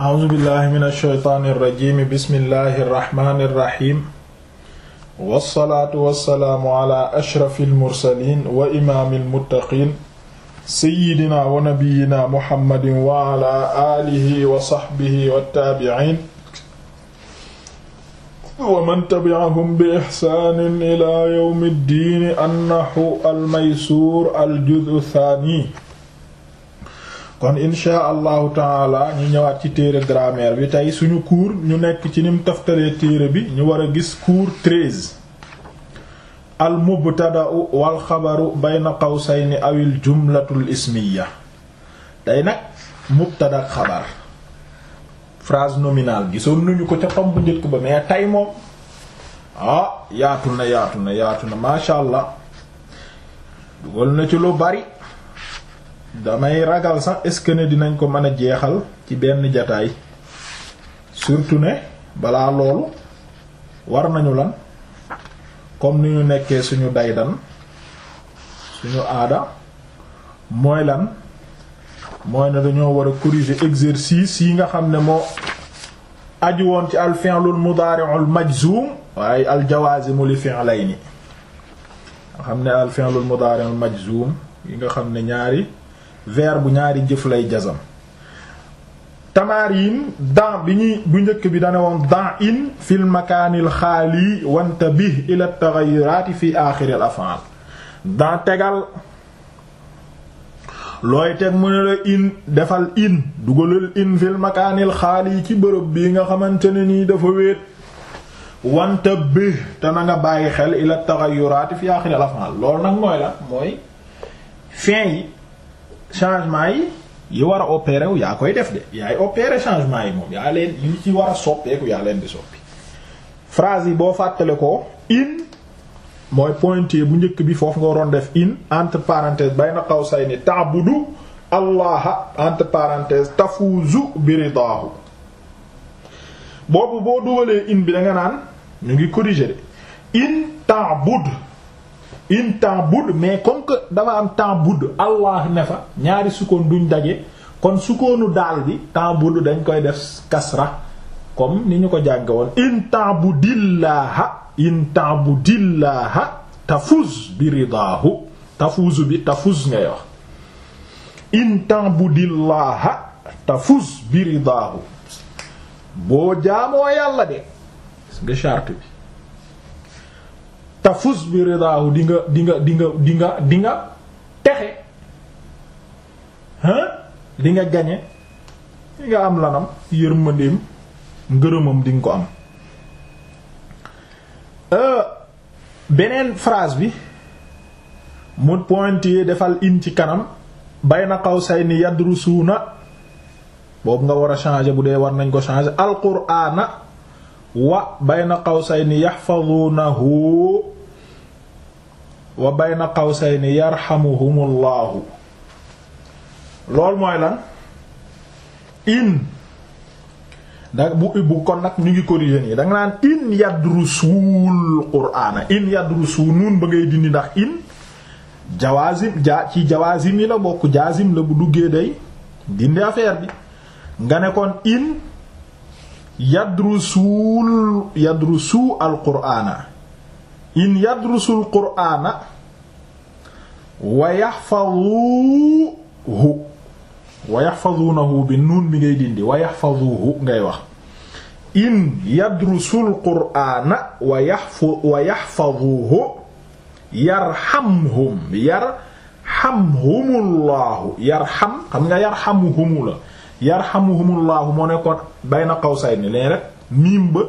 a'uuzu billahi min ash-shaytaani irrajimi bismillahi irrahmani irrahim wassalaatu wassalaamu ala ashrafi almursalin wa imaami almuttaqin sayidina wa nabiyina muhammadin wa ala aalihi wa saxbihi wattaabiciin wa man tabi'ahum bi ixsaanin ila yawmi ddiini annahu almaysuur aljuz'u thaani kon insha allahu taala ñu ñëwaat ci téere grammaire bi tey suñu cours ñu nekk ci nim toftalee téere bi ñu war a gis cours treize al mubtada'u wal xabaru bayna qawsayni awil jumlatul ismiya tey nag mubtada xabar phrase nominale gisoon nañu ko ca tomb njëkk ba mais tey moom ah yaatu na yaatu na yaatu na masha allah dugal na ci lu bari damay ragal sax est-ce que dinañ ko mën a jeexal ci benn jataay surtout ne balaa loolu war nañu lan comme ni ñu nekkee suñu daydan suñu aada mooy lan mooy na dañoo war a corriger exercice yi nga xam ne moo aju woon ci alfin al fi'lul mudari'ul majzum waaye al jawazimu li fi'layni nga xam ne al fi'lul mudari'ul majzum yi nga xam ne ñaari verbe bu ñaari jëf lay jazam tamarin dan bi ñuy bu njëkk bi dane dan in fil makaanil xaali wanta bi ila taxayuraati fi aaxiril afaal dan tegal looy teg mu ne la in defal in dugalal in fil makaanil xaali ci bërëb bi nga xamante ne nii dafa wéet wanta bi te na nga bàyyi xel ila taxayuraati fi aaxiril afaal loolu nag mooy la mooy fin yi changement yi yi war a opérer wu yaa koy def de yaay opérer changement yi moom yaa leen yi ci war a soppeeku yaa leen di soppi phrase yi boo fàttale ko in mooy pointé bu njëkk bi foofu nga waroon def in entre parenthèse bayna qawsayni ta'budu allaha entre parenthèse tafuzu bi ridaahu boobu boo dugalee in bi da nga naan ñu ngi corriger de in ta'bud in ta'bud mais comme que dafa am ta'bud allah ne fa ñaari sukkoon duñ daje kon sukkoonu daal bi ta'bud dañ koy def kasra comme ni ñu ko jàgge woon in ta'budillaaha in ta'budillaaha tafuz bi ridaahu tafuz bi tafuz ngay in ta'budillaaha tafuz bi ridaahu boo jaamoo yàlla de nga charte bi tafus bi ridaahu di nga di nga di nga di nga di nga texe hein di nga gañe li nga am lanam yërmandeem ngërëmam di nga ko am euh, beneen phrase bi mu pointé defal in ci kanam na say ni bayna qawsayni na boobu nga war a changer bu dee war nañ ko changer alqur'ana wa bay na bayna qawsayni yahfazuunahu wa bayna qawsayni yarhamuhumullahu loolu mooy lan in da bu bu kon nag ñu ngi corrigé nii da nga naan in yadrusul qur'ana in yadrusu nuun ba ngay dindi ndax in jawaazim ja ci jawaazim yi la bokk jaazim la bu duggee day dindi affaire bi nga ne kon in yadrusul yadrusu al qur'ana in yadrusul quraana wa yaxfaduuhu wa yaxfaduunahu bi nuun bi ngay dindi wa yaxfaduuhu ngay wax in yadrusul quraana wa yaxfu wa yaxfaduuhu yarxamhum yarxamhumullahu yarxam xam nga yarxamuhumu la yarxamuhumullahu moo nekkoon bayna qawsayni leen rek miim ba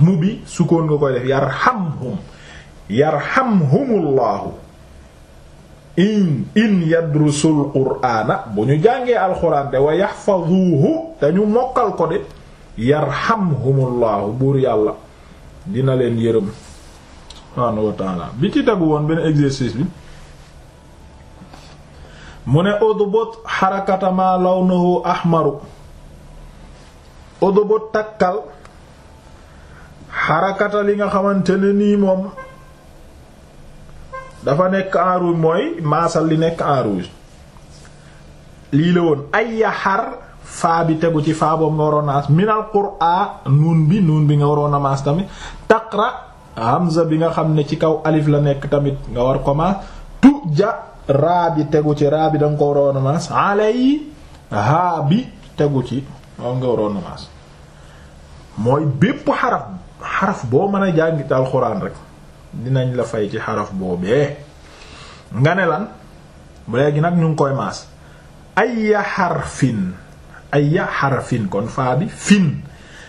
mu bi sukkoon nga koy def yarxamhum yarhamhumullahu in in yadrusul qur'aana bu ñu jàngee alxuraan de wa yaxfaduuhu te ñu mokkal ko de yarhamhumullahu buur yàlla dina leen yërëm subhaanahu bi ci tegu woon benn exercice bi mu ne udbut xarakata ma lawnuhu ahmaru udbut takkal xarakata li nga xamante ne moom dafa nekk en mooy maasal li nekk en rouge lii la woon ay yaxar faa bi tegu ci faa boobu nga waroon a maas minal qur'aan nuun bi nuun bi nga waroon a maas tamit taqra hamza bi nga xam ne ci kaw alif la nekk tamit nga war ko maas tu ja raa bi tegu ci raa bi da ko waroon a maas alay haa bi tegu ci moom nga waroon a maas mooy bépp xaraf xaraf boo mën a jàngit alxuraan rek dinañ la fay ci xaraf boobee nga ne lan léegi nag ñu ngi koy maas ayya xarfin ayya xarfin kon faa bi fin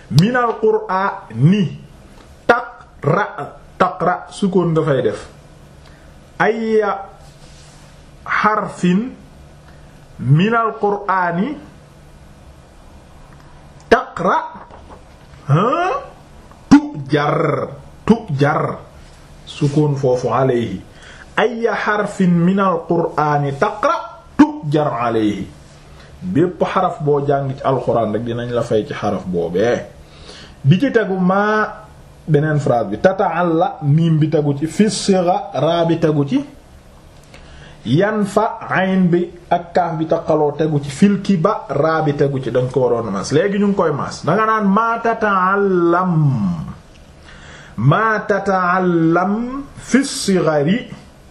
minal qur'ani taqra taqra sukkoon def ayya xarfin minal qur'ani taqra tu jar tu jar sukkoon foofu alayhi ay xarfin min alqur'ani taqra tujar alayhi bépp xaraf boo jàng ci alxuraan rek dinañ la fay ci xaraf boobee bi ci tegu maa beneen phrase bi tata tataalla miim bi tegu ci fi siga raa bi tegu ci yan fa ayn bi ak kaaf bi taqaloo tegu ci filki ba raa bi tegu ci dañ ko waroon léegi ñu koy mas danga naan maa tataallam maa tata'allam fi sigari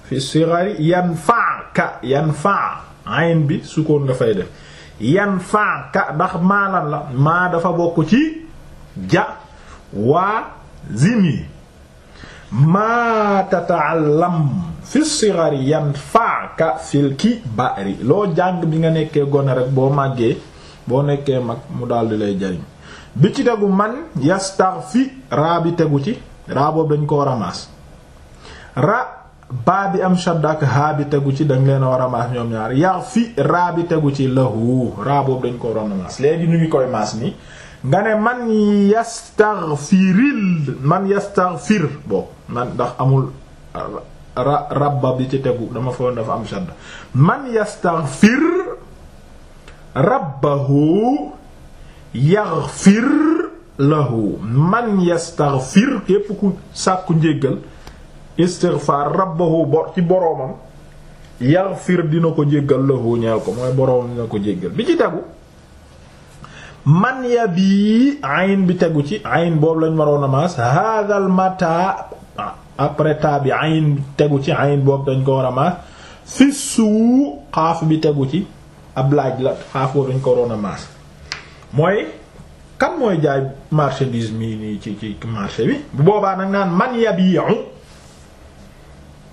fi sigari yan yanfa' ayn bi sukkoon nga fay def yanfa'ka ndax maalan la maa dafa bokk ci ja waa zimi maa tata'allam fi sigari yanfa'ka fil kibari loo jàng bi nga nekkee gone rek boo màggee boo nekkee mag mu daldi lay jariñ bi ci tegu man yastaghfi raa bi tegu ci raa boobu dañ koo ramaas ra baa bi am shadda ak haa bi tegu ci danga leen a ramaas ñoom ñaar yaa fi raa bi tegu ci lahu raa boobu dañ koo ramaas léegi ñu ngi koy maas nii nga ne man yastaghfiril man yastaghfir boobu man ndax amul ra rabba bi ci tegu dama foog dafa am shadda man yastaghfir rabbahu yaghfir lahu man yastaghfir képp ku sàkku njéggal istighfar rabbahu bor ci boroomam yaghfir dina ko jéggal lahu ñeel ko mooy boroomam dina ko jéggal bi ci tegu man ya bii ayn bi tegu ci ayn lañ maroon a maas hadal bi ayn tegu ci ayn boobu dañ ko war a maas fi suu xaaf bi tegu ci ab laaj la xaaf boobu dañ ko waroon maas mooy kan mooy jaay marchandise mii nii ci ci marché bi bu boobaa nag naan man yabi'u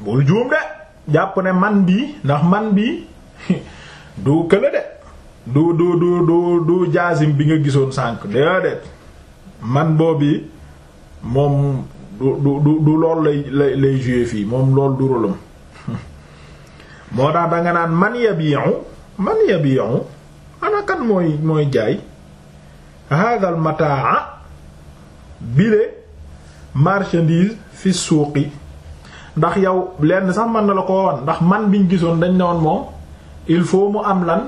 bul juum de jàpp ne man bii ndax man bii du kële de du du du du du jaasim bi nga gisoon sànq déedéet man bi moom du du du lool lay lay lay jouer moom lool du rôlam moo tax danga naan man yabi'u man yabi'u ana kan mooy mooy jaay hadha al mataa bile marchandise fi suuqi ndax yow lenn sax man na la ko woon ndax man biñ gisoon dañ ne woon moom il faut mu am lan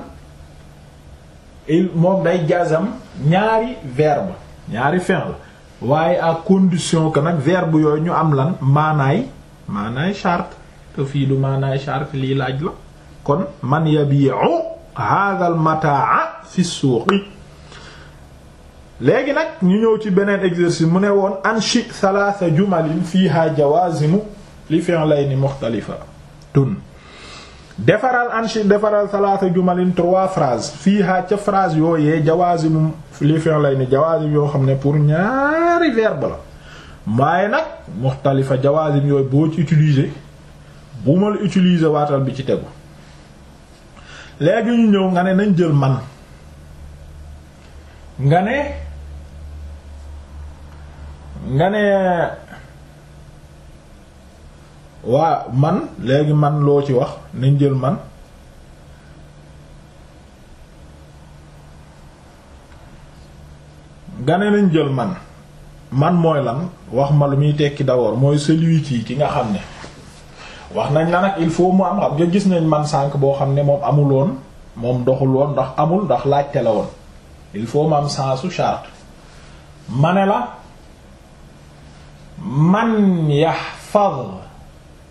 il moom day jazam ñaari verbe ñaari fi'l waaye ak condition que nag verbe yooyu ñu am lan maanaay maanaay charte te fii du maanaay charte lii laaj la kon man yabi'u hadha al mataa fi suuqi léegi nag ñu ñëw ci beneen exercice mu ne woon anchi salaasa jumalin fiha jawazimu li fi'layni mukhtalifa tun defaral anchi defaral salaasa jumalin trois phrases fiha ca phrase yooyee jawazimu li fi'layni jawazim yoo xam ne pour ñaari verbe la waaye nag mukhtalifa jawazim yooyu boo ci utiliser bu ma la utiliser waatal bi ci tegu léegi ñu ñëw nga ne nañ jël man nga ne nga ne waa man léegi man loo ci wax nañ jël man nga ne nañ jël man man mooy lan wax ma lu muy tekki d'abord mooy celui qui ki nga xam ne wax nañ la nag il faut mu am xam nga gis nañ man sànq boo xam ne moom amul woon moom doxul woon ndax amul ndax laajte la woon il faut mu am sensu charte ma ne la man yaxfaz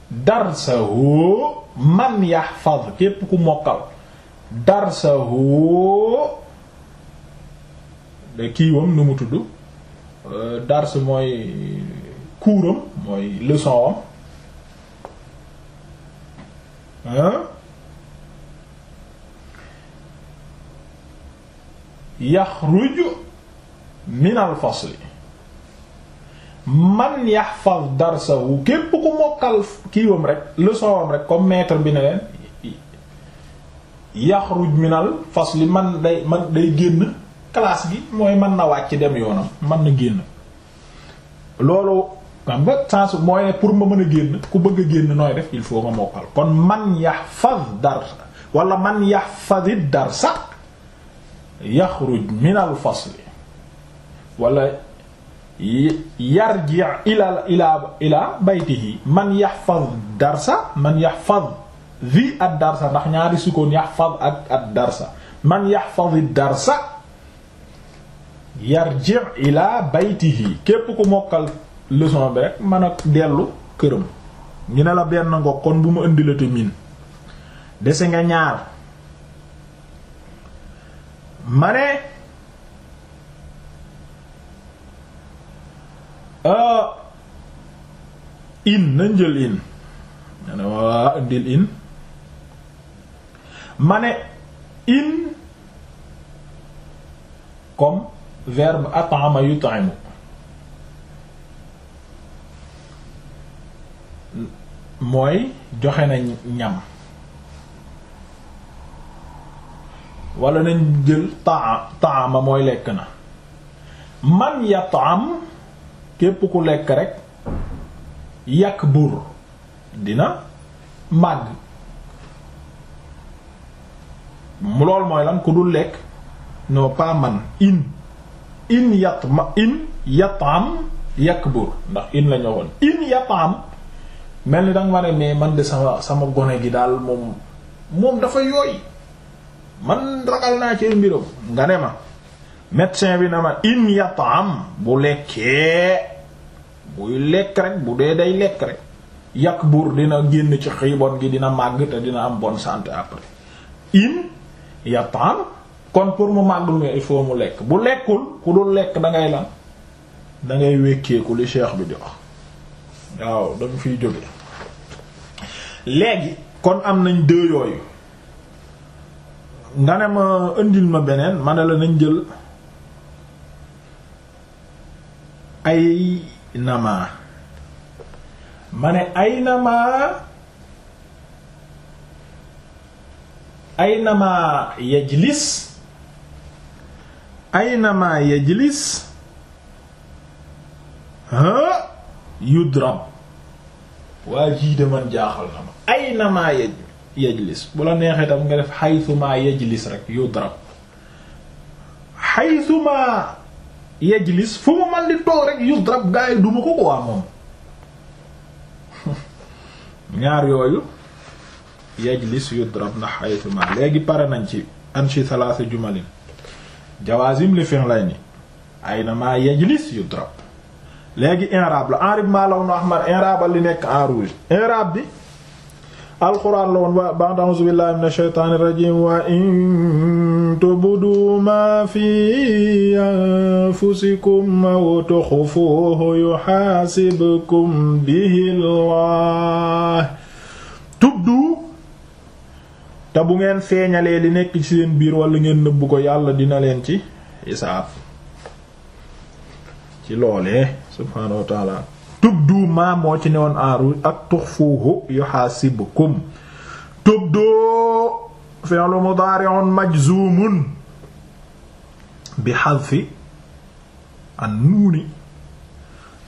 darsahu man yaxfaz képp ku mokkal darsahu de kiiwam nu mu tudd euh, dars mooy kuuram mooy leçon wam hein yaxruju min al fasli man yahfaz darsahu képp ku mokkal kiiwam rek leçon wam rek comme maître bi ne leen yaxruj minal fasli man day man day génn classe gi mooy mën na wàcc dem yoonam man na génn loolu xam nga mooy ne pour ma mën a génn ku bëgg a génn nooy def il faut ma mokkal kon man yahfaz darsa wala man yahfazid darsa yaxruj minal fasli wala yarji ila ila ila baytihi man yahfaz darsa man yahfaz vi ad darsa ndax ñaari sukkoon yahfaz ak ad darsa man yahfaz darsa yarji ila baytihi képp ku mokkal leçon bi rek mën a dellu këram ñu ne la benn ngo kon bu mu indilati miin dese nga ñaar ma Ah, in nañ jël in ma ne waa indil in ma ne in comme verbe at'ama yut'imu mooy joxe na ñam wala nañ jël ta'ama mooy lekk na man yat'am képp ku lekk rek yàq buur dina màgg mu lool mooy lan ku dul lekk non pas man in in yat ma in yatam yakbur ndax in la ñoo woon in mel ni danga ma ne mais man de sama sama gone gi daal moom moom dafa yooy man ragal naa ci mbiram nga ne ma médecin bi na ma in yatam bu lekkee buy lekk rek bu dee day lekk rek yàq buur dina génn ci xiibon gi dina màgg te dina am bon santé après in yataan kon pour mu màgg lu nga il mu lekk bu lekkul ku dul lekk da ngay lan da ngay wékkeeku li cheikh bi di wax waaw danga fiy jóge léegi kon am nañ deux yooyu nga ne ma indil ma beneen ma la nañ jël ay nama ma ne ay nama ay nama yajlis ay nama yajlis ha yudrab waa jii de man jaaxal na ma ay nama yaj yajlis bu la neexee tam nga def xaytuma yajlis rek yudrab xaytuma yejlis fu mu man di toog rek yudrab gaa yi duma ko ko waa moom ñaar yooyu yejlis yudrab na xaytuma léegi pare nañ ci anchi salaasa jumalin jawaazim li fi'layni na ma yejlis yudrab léegi inrab la enrib ma law no ahmar inrabal li nekk en rouge inrab bi alquran la woon ba ba'd a'uuzu billahi minash shaytaanir rajiim wa in tubdu ma fi anfusikum aw tuxfuuhu yuhaasibkum bihi Allah tubdu te bu ngeen feeñalee li nekk ci seen biir wala ngeen nëbb ko yàlla dina leen ci isaab ci loolee subhaanahu wa ta'aala tubdu ma moo ci newoon en rouge ak tuxfuhu yuhasibukum tubdu fi'lu mudari'un majzumun bi hadfi an nuuni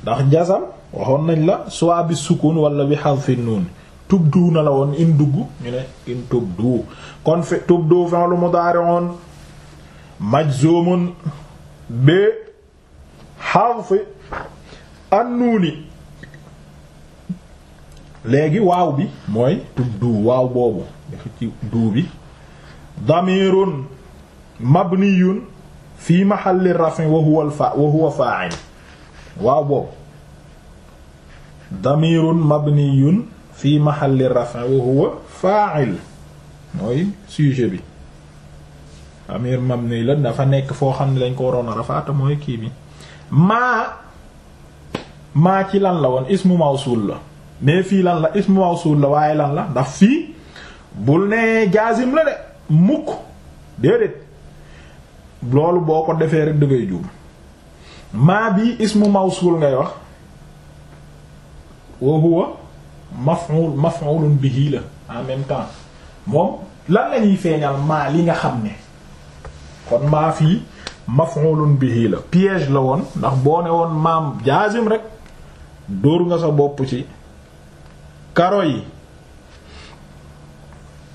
ndax jasam waxoon nañ la soit bi sukun wala bi hadfi nuuni tubdu na la woon in dugg ñu ne in tubdu kon fi tubdu fi'lu mudari'un majzumun bi hadfi annuuni léegi waaw bi mooy tuddu waaw boobu ci duu bi damirun mabniyun fi mahalli rafin wa huwa fa wa huwa fa'il waaw boobu damirun mabniyun fi mahalli rafin wa huwa fa'il mooy sujet bi damir mabni la dafa nekk foo xam ne lañ ko waroon a rafaata mooy kii bi maa maa ci lan la woon ismu mawsul la mais fii lan la ismu mawsul la waaye lan la ndax fii bul ne jaazim la de mukk déedéet loolu boo ko defee rek dangay juum maa bi ismu mawsul ngay wax wa huwa maf'ul maf'ulun bihi la en même temps moom lan la ñuy feeñal maa li nga xam ne kon maa fii maf'ulun bihi la piège la woon ndax boo ne woon maam jaazim rek dóor nga sa bopp ci karo yi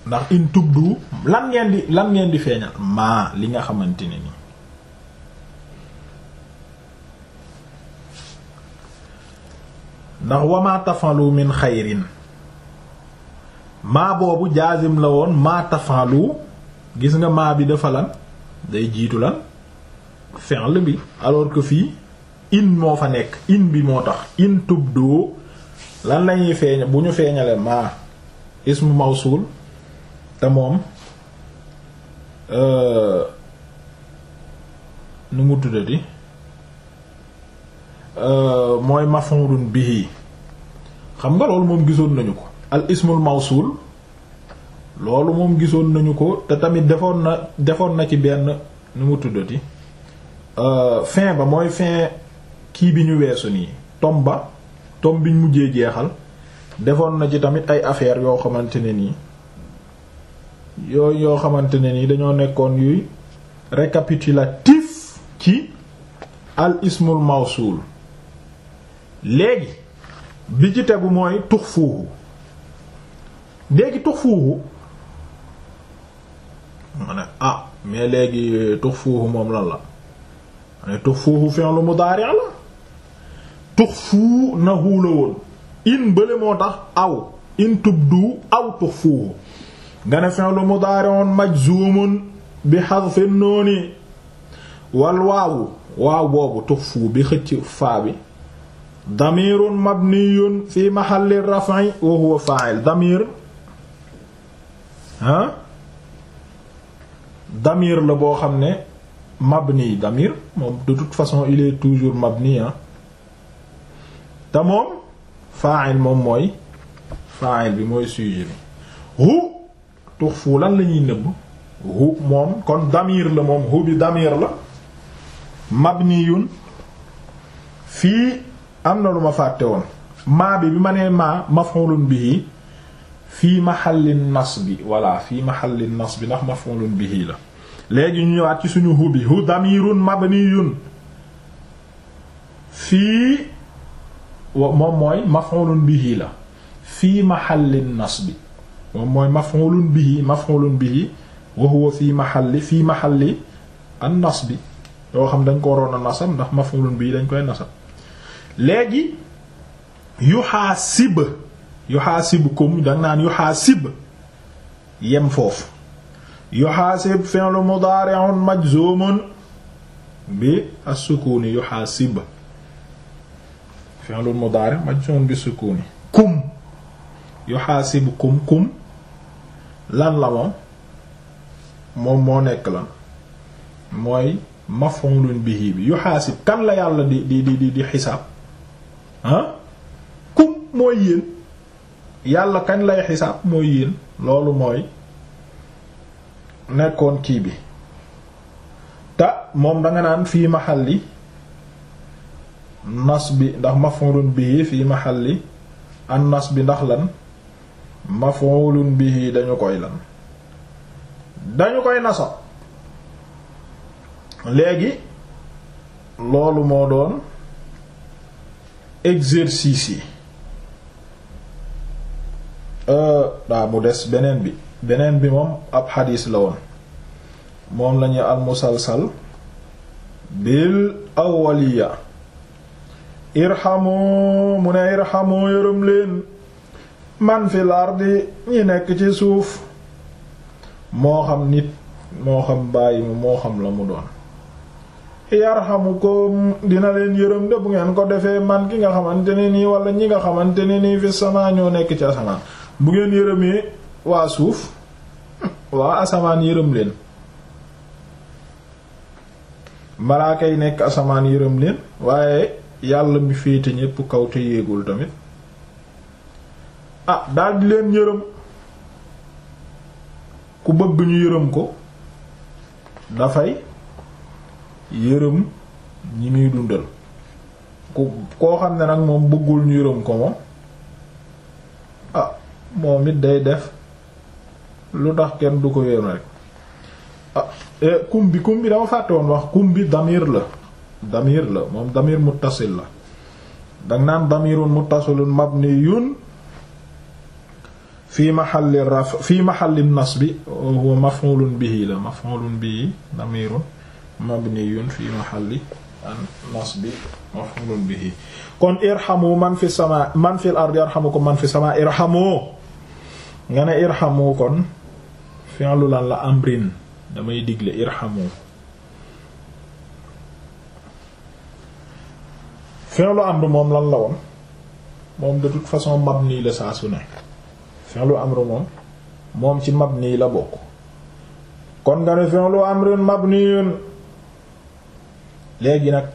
ndax in tubdu lan ngeen di lan ngeen di feeñal maa li nga xamante ni nii ndax wama tafalu min xayrin maa boobu jaazim la woon maa tafalu gis nga maa bi dafa lan day jiitu la fi'l bi alors que fii in moo fa nekk in bi moo tax in tubdoo lan lañuy feeñ bu ñu feeñalee maa ismu mawsul te moom euh, nu mu tuddati euh, mooy maf'ulun bihi xam nga loolu moom gisoon nañu ko al ismul mawsul loolu moom gisoon nañu ko te tamit defoon na defoon na ci benn nu mu tuddati euh, fin ba mooy fin kii bi ñu weesu nii tom ba tom ñu mujjee jeexal defoon na ci tamit ay affaire yoo xamante ne nii yooyu yoo xamante ne nii dañoo nekkoon yuy récapitulatif ci al ismul mawsul léegi bi ci tegu mooy tux fuuhu léegi tux fuuhu ma ne ah mais léegi tux moom lan la ma ne tux fuuhu fi'lu mudaari' la tuxfuunahu la woon in bële moo tax aw in tubdu aw tuxfuuhu nga ne fi'lu mudaari'un majzuumun bi hadfin nooni wal waawu waaw boobu tuxfu bi xëcc faa bi damirun mabniyun fi mahalli raf'i wa huwa fa'il damir ah damir la boo xam ne mabni damir moom de toute façon il toujours mabni te moom fa'il moom mooy fa'il bi mooy sujet bi hu tuxfu lan lañuy ñuy nëbb hu moom kon damir la moom hu bi damir la mabniyun fii am na lu ma fàtte woon maa bi bi ma nee maa maf'ulun bihi fii mahallin nasbi walla fii mahallin nasbi ndax maf'ulun bihi la léegi ñu ñëwaat ci suñu hu bi hu damirun mabniyun fii moom mooy bi bihi la fii mahallin nasbi moom mooy bi bihi maf'ulun bihi wa huwa fii maxalli fii maxalli an nasbi yoo xam dañ ko waroon a nasab ndax maf'ulun bihi dañ koy nasab léegi yuhaasib yuhaasibukum danga naan yuhaasib yem foofu yuhaasib fi'lu mudaari'un majzumun bi as-sukuni yuhaasib fi'lun ma majzun bi sukuni kum yuhasibukum kum lan la moom moom moo nekk lan mooy maf'ulun bihi bi yuhasib kan la yàlla di di di di xisaab ah kum mooy yéen yàlla kañ lay xisaab mooy yéen loolu mooy nekkoon kii bi ta moom danga naan fii li nas bi ndax maf'ulun bihi fii mahalli an nas bi ndax lan maf'ulun bihi dañu koy lan dañu koy nasa léegi loolu moo doon exercice yi euh, daa mu des beneen bi beneen bi moom ab xadiis la woon moom lañuy al musalsal bil awwaliya irhamu mu ne irhamu yërëm leen man fi ardi ñi nekk ci suuf moo xam nit moo xam bàyyi mu moo xam la mu doon yarhamukum dina leen yërëm de bu ngeen ko defee man ki nga xamante ne nii wala ñi nga xamante ne nii fi sama ñoo nekk ci asamaan bu ngeen yërëmee waa suuf waa asamaan yërëm leen malaaka yi nekk asamaan yërëm leen waaye yàlla mi féete ñépp kaw te yéegul tamit ah daldi leen yërëm ku bëgg ñu yërëm ko dafay yërëm ñi muy dundal ku koo xam ne nag moom bëggul ñu yërëm ko moom ah moom it day def lu tax kenn du ko yërëm rek ah eh, kum bi kum bi dama fàtte woon wax kum damir la damir la moom damir muttasil la dang naan damirun muttasilun mabniyun fi mahalli raf fi mahalli nasbi huwa maf'ulun bihi la maf'ulun bihi damirun mabniyun fi mahalli an kon irhamu man fi sama man fil ardi yarhamukum man fi sama irhamu nga ne irhamu kon fi'lu lan la amrin damay digle irhamu fi'lu amr moom lan la woon moom de toute façon mabni la saa su ne fi'lu amr moom moom ci mabni la bokk kon nga ne fi'lu amrin mabniyun léegi nag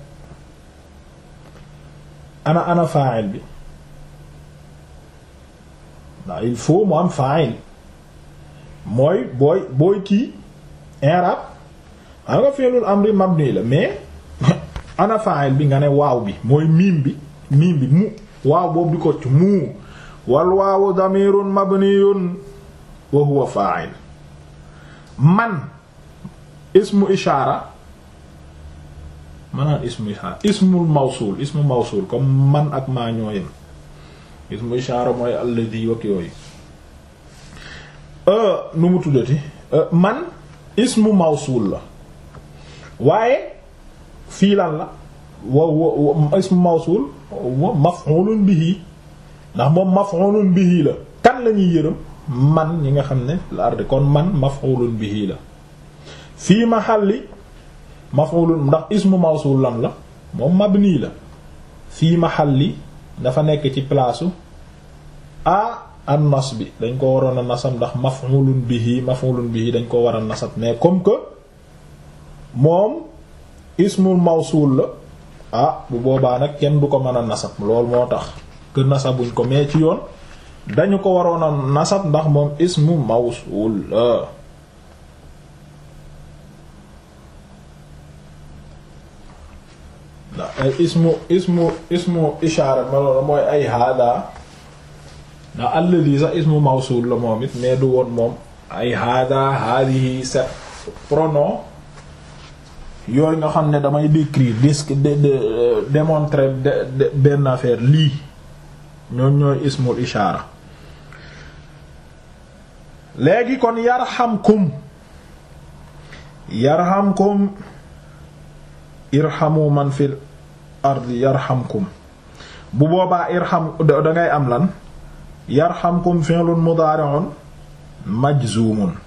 ana ana fa'il bi ndax il faut mu am fa'il mooy booy booy kii i'rab xam nga fi'lul amri mabni la mais ana fa'il bi nga ne waaw bi mooy miim bi miim bi mu waaw boobu di ko ci mu wal waawu damirun mabniyun wa huwa fa'il man ismu ishaara manaan ismu ishaara ismul mawsul ismu mawsul comme man ak maa ñoo ismu ishaara mooy alladhi wak yooyu euh, nu mu tuddati euh, man ismu mawsul la waaye fii lan la wa wa ismu mawsul wa maf'ulun bihi ndax moom maf'ulun bihi la kan lañuy yërëm man ñi nga xam ne la arde kon man maf'ulun bihi la fii mahalli maf'ulun ndax ismu mawsul lan la moom mabni la fii mahalli dafa nekk ci palaasu a an nas bi dañ koo waroon a nasab ndax maf'ulun bihi maf'ulun bihi dañ koo war a nasab mais comme que moom ismul mawsuul la ah bu boobaa nag kenn bu ko mën a nasab loolu moo tax que nasabuñ ko mais ci yoon dañu ko waroon a nasab ndax moom ismu mawsuul la ndax ay ismu ismu ismu ma loolu la moom it mais du woon moom ay hada hadihi set pronom yooyu nga xam ne damay décrire disque de euh, démontrer benn affaire lii ñoom ñooy ismul ishaara léegi kon yarhamkum yarhamkum irhamu man fil ardi yarhamkum bu boobaa irham dangay am lan yarhamkum fi'lun mudari'un majzumun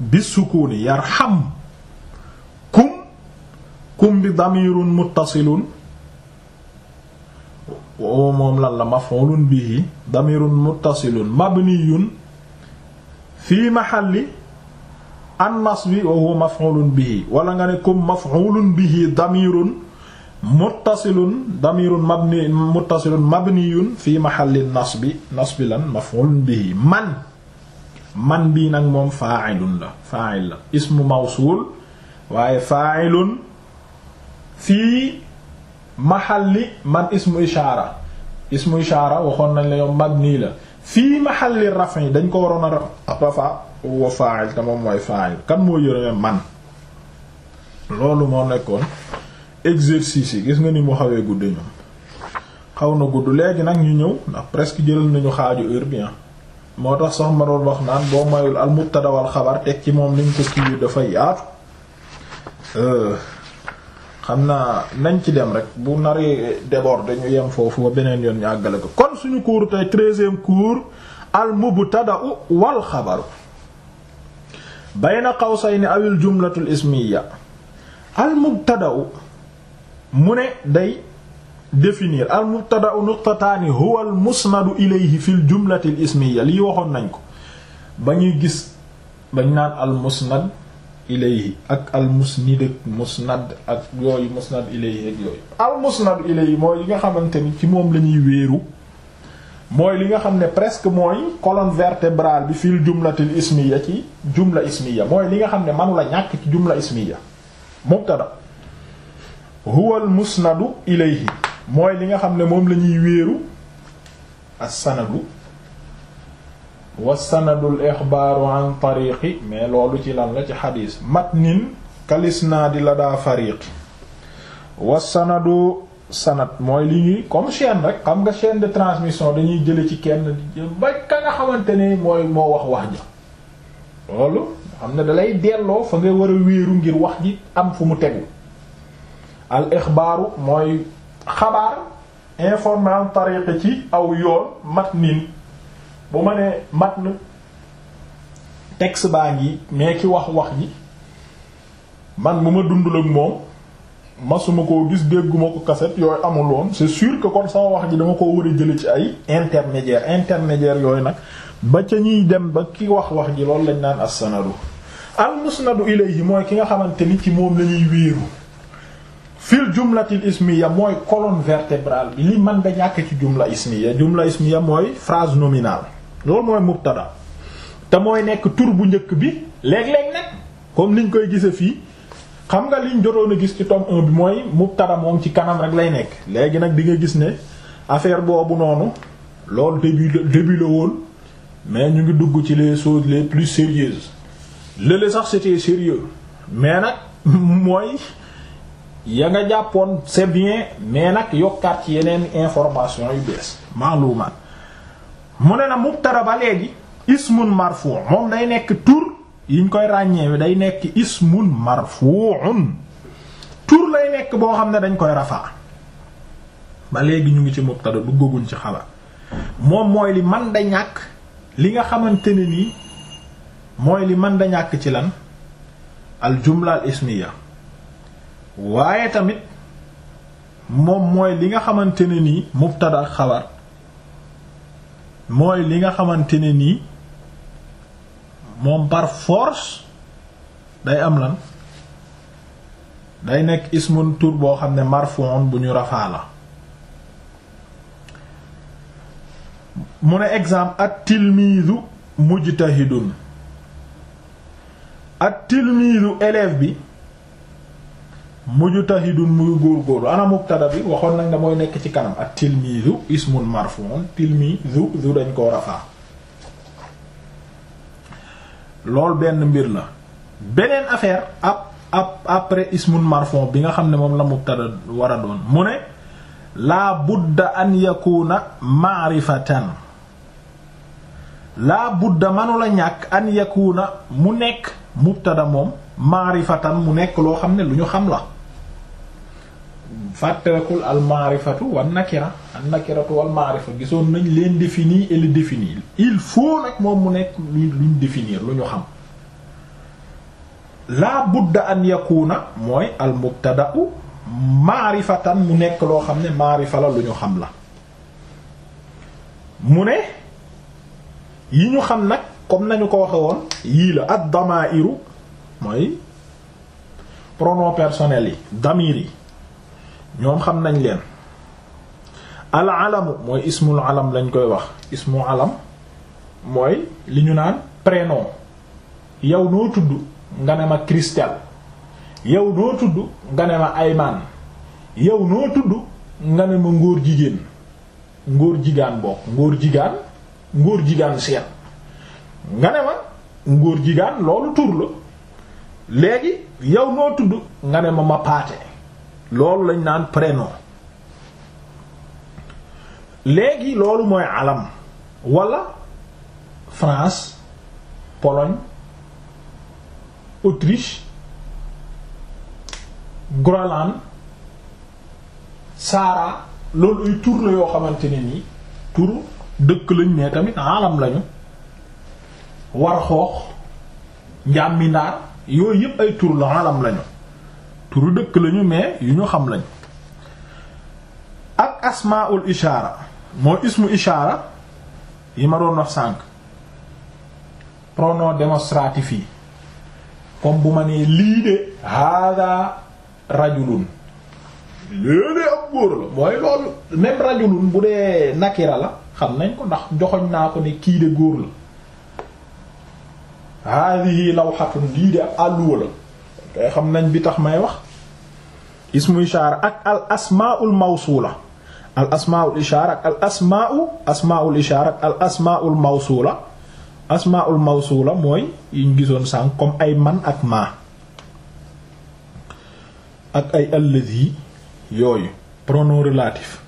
bisukuni yarham kum bi damirun muttasilun o moom lan la maf'ulun bihi damirun muttasilun mabniyun fi mahalli an nasbi wa huwa maf'ulun bihi wala nga ne kum maf'ulun bihi damirun muttasilun damirun mabni muttasilun mabniyun fi mahalli nasbi nasbi lan maf'ulun bihi man man bii nag moom fa'ilun la fa'il la ismu mawsul waaye fa'ilun fii mahalli man ismu ishaara ismu ishaara waxoon nañ la mag mabni la fii mahalli yi dañ ko waroon a rafa wa fa'il te moom mooy fa'il kan moo yërëme man loolu moo nekkoon exercice yi gis nga ni mu xawee gudd ñoom xaw na gudd léegi nag ñu ñëw ndax presque jëlal nañu xaaju heure bien ah. moo tax sax ma doon wax naan boo mayul al mubtada teg ci moom liñ ko kii dafay yaatu euh, xam naa nañ ci dem rek bu nari déborder ñu yem foofu ba beneen yoon ñu àggale ko kon suñu cours tey treizième cours al mubtada'u wal xabaru bayna qawsayni awil jumlatul ismiya al mubtada'u mu ne day définir al mubtada'u nuqtataani huwa al musnadu ilayhi fil jumlatil ismiya lii waxoon nañ ko ba ñuy gis bañ naan al musnad ilayhi ak al musnid ak musnad ak yooyu musnad ilayhi ak yooyu al musnad ilayhi mooy li nga xamante ni ci moom la ñuy wéeru mooy li nga xam ne presque mooy colonne vertébrale bi fii jumlatil ismiya ci jumla ismiya mooy li nga xam ne manula ñàkk ci jumla ismiya mubtada huwa al musnadu ilayhi mooy li nga xam ne moom la ñuy wéeru as sanadu wa sanadul ixbaaru an tariqi mais loolu ci lan la ci xadiis matnin di la daa fariq wa sanadu sanad mooy li ñuy comme chaîne rek xam nga chaîne de transmission dañuy jële ci kenn ba ka nga xamante ne mooy moo wax wax ja loolu xam ne dalay delloo fa nga war a wéeru ngir wax ji am fu mu tegu al ixbaaru mooy xabaar informé an tariqi ci aw yoon matnin bu ma nee matn texte baa ngi mais ki wax wax ji man bu ma dundul ak moom masuma koo gis dégguma ko cassette yooyu amul woon c'est sûr que kon sama wax ji dama ko war a jële ci ay intermédiaire intermédiaire yooyu nag ba ca ñuy dem ba ki wax wax ji lool lañ naan as-sanadu al mooy ki nga xamante ni ci moom lañuy ñuy wéeru fil jumlatil ismiya mooy colonne vertébrale bi li man nga ñàkk ci jumla ismiya jumla ismiya mooy phrase nominale loolu mooy mubtada te mooy nekk tur bu njëkk bi léeg-léeg nag comme niñ koy gise fii xam nga liñ jotoon a gis ci tome 1 bi mooy mubtada moom ci kanam rek lay nekk léegi nag di nga gis ne affaire boobu noonu loolu début woon mais ñu ngi dugg ci les choses les plus sérieuses lële sax c'était sérieux mais nag mooy ya nga jàppoon c'est bien mais nag yokkaat ci yeneen information yu bees maalumaat mu ne na mubtara ba léegi ismun marfu' moom day nekk tur yiñ koy ràññeewe day nekk ismun marfu'un tur lay nekk boo xam ne dañ koy rafaa ba léegi ñu ngi ci mubtada du goguñ ci xala moom mooy li man da ñàkk li nga xamante ne nii mooy li man da ñàkk ci lan al jumla waaye tamit moom mooy li nga xamante ne nii mubtada ak xabar mooy li nga xamante ne nii moom par day am lan day nekk ismun tur boo xam ne marfu'un bu ñu rafaa la mu ne exemple at tilmiidu mujtahidun at tilmiidu élève bi mujtahidun muy góorgóorlu ana mubtada bi waxoon nañ da mooy nekk ci kanam ak tilmizu ismun marfuun tilmizu zu dañ koo rafaa loolu benn mbir la beneen affaire ab ab après ismun marfuun bi nga xam ne moom la mubtada war a doon mu ne laa budda an yakuna maarifatan laa budda manula ñàkk an mu nekk mubtada moom maarifatan mu nekk loo xam ne lu ñu xam la fàttarakul al maarifatu wan nakira an nakiratu wal maarifa gisoon nañ leen définir et le définir il faut nag moom mu nekk luñ définir lu ñu xam laa budda an mooy al mubtada'u maarifatan mu nekk loo xam ne maarifa la lu ñu xam la mu ne yi ñu xam nag comme nañu ko waxe woon yii la ad damairu mooy pronom personnel yi damir yi ñoom xam nañ leen al alamu mooy ismul alam lañ koy wax ismu alam mooy li ñu naan prénom yow noo tudd nga ne ma Christelle yow noo tudd nga ne ma Ayman yow noo tudd nga ne ma ngóor jigéen ngóor jigaan bokk ngóor jigaan ngóor jigaan seet nga ne ma ngóor jigaan loolu tur léegi yow noo tudd nga ne ma ma paate loolu lañ naan prénom léegi loolu mooy alam walla France Pologne Autriche Groenland saara loolu ay tur la yoo xamante ne nii tur dëkk lañ ne tamit alam lañu war xoox njàmmi ndaar yooyu yépp ay tur la alam lañu turu dëkk lañu mais yu ñu xam lañ ak asmaul ishaara mooy ismu ishaara yi ma doon wax sànq pronom démonstratif yi comme bu ma nee lii de hada rajulun léeg-léeg góor la mooy loolu même rajulun bu dee nakira la xam nañ ko ndax joxoñ naa ko ne kii de góor la hadihi lawhatun lii de ab àlluwa la tey xam nañ bi tax may wax ismu ishaara ak al asmaa'ul mawsuula al asmaa'ul ishaara ak al asmaa'u asmaa'ul ishaara ak al mawsuula mooy yi gisoon sànq comme ay man ak ma ak ay allazi yooyu pronom relatif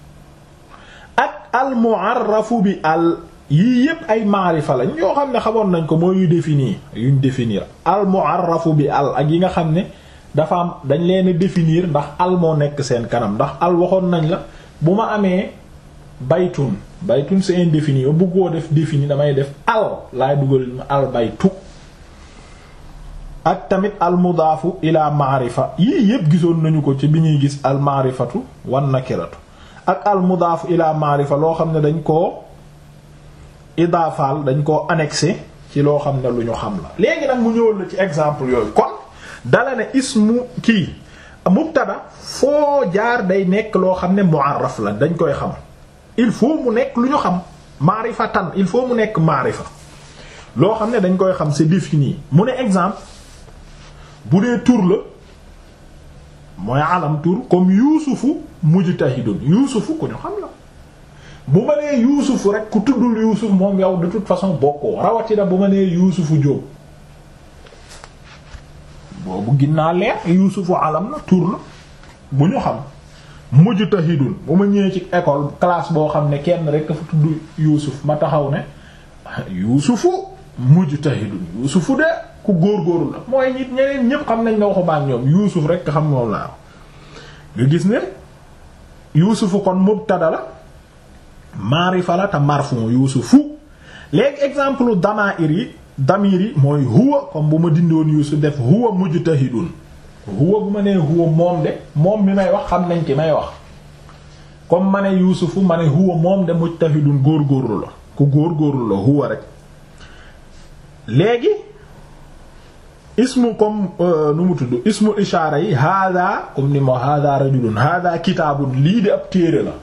ak al mu'arrafu bi àll yii yépp ay maarifa lañ yoo xam ne xamoon nañ ko mooy yu définir yuñ définir al mu'arrafu bi al ak yi nga xam ne dafa am dañ leen définir ndax al moo nekk seen kanam ndax al waxoon nañ la bu ma amee baytun baytun c'est indéfini ba bëggoo def défini damay def al laay dugal al baytu ak tamit al mudaafu ila maarifa yii yépp gisoon nañu ko ci bi ñuy gis al maarifatu wan nakiratu ak al mudaafu ila maarifa loo xam ne dañ koo idaafaal dañ koo annexé ci loo xam ne lu ñu xam la léegi nag mu ñëwoon la ci exemple yooyu kon dala ne ismu kii mubtada foo jaar day nekk loo xam ne mu'arraf la dañ koy xam il faut mu nekk lu ñu xam maarifatan il faut mu nekk maarifa loo xam ne dañ koy xam c'est défini mu ne exemple bu dee tur la mooy alam tur comme yuusufu mujtahidun yuusufu ku ñu xam la bu ma nee yuusufu rek ku tuddul yuusuf moom yow de toute façon bokkoo rawatina bu ma nee yuusufu Jóob boobu ginnaa leer yuusufu alam la tur la bu ñu xam mujtahidun bu ma ñëwee ci école classe boo xam ne kenn rek dafa tudd yuusuf ma taxaw ne yuusufu mujtahidun yuusufu de ku góorgóorlu la mooy nit ñeneen xam nañ ne waxu baax ñoom yuusuf rek xam moom laa nga gis ne yuusufu kon mubtada la maarifa la te yuusufu léegi exemple damaa ir damir yi mooy huwa comme bu ma dindoon yusuf def huwa mujtahidun huwa bu ma nee huwa moom de moom mi may wax xam nañ ki may wax comme ma ne yuusufu ma ne huwa moom de góor góorgóorlu la ku góor la huwa rek léegi ismu comme euh, nu mu tudd ismu ishaara yi hada comme ni moo hada rajulun hada kitaabun lii di ab téere la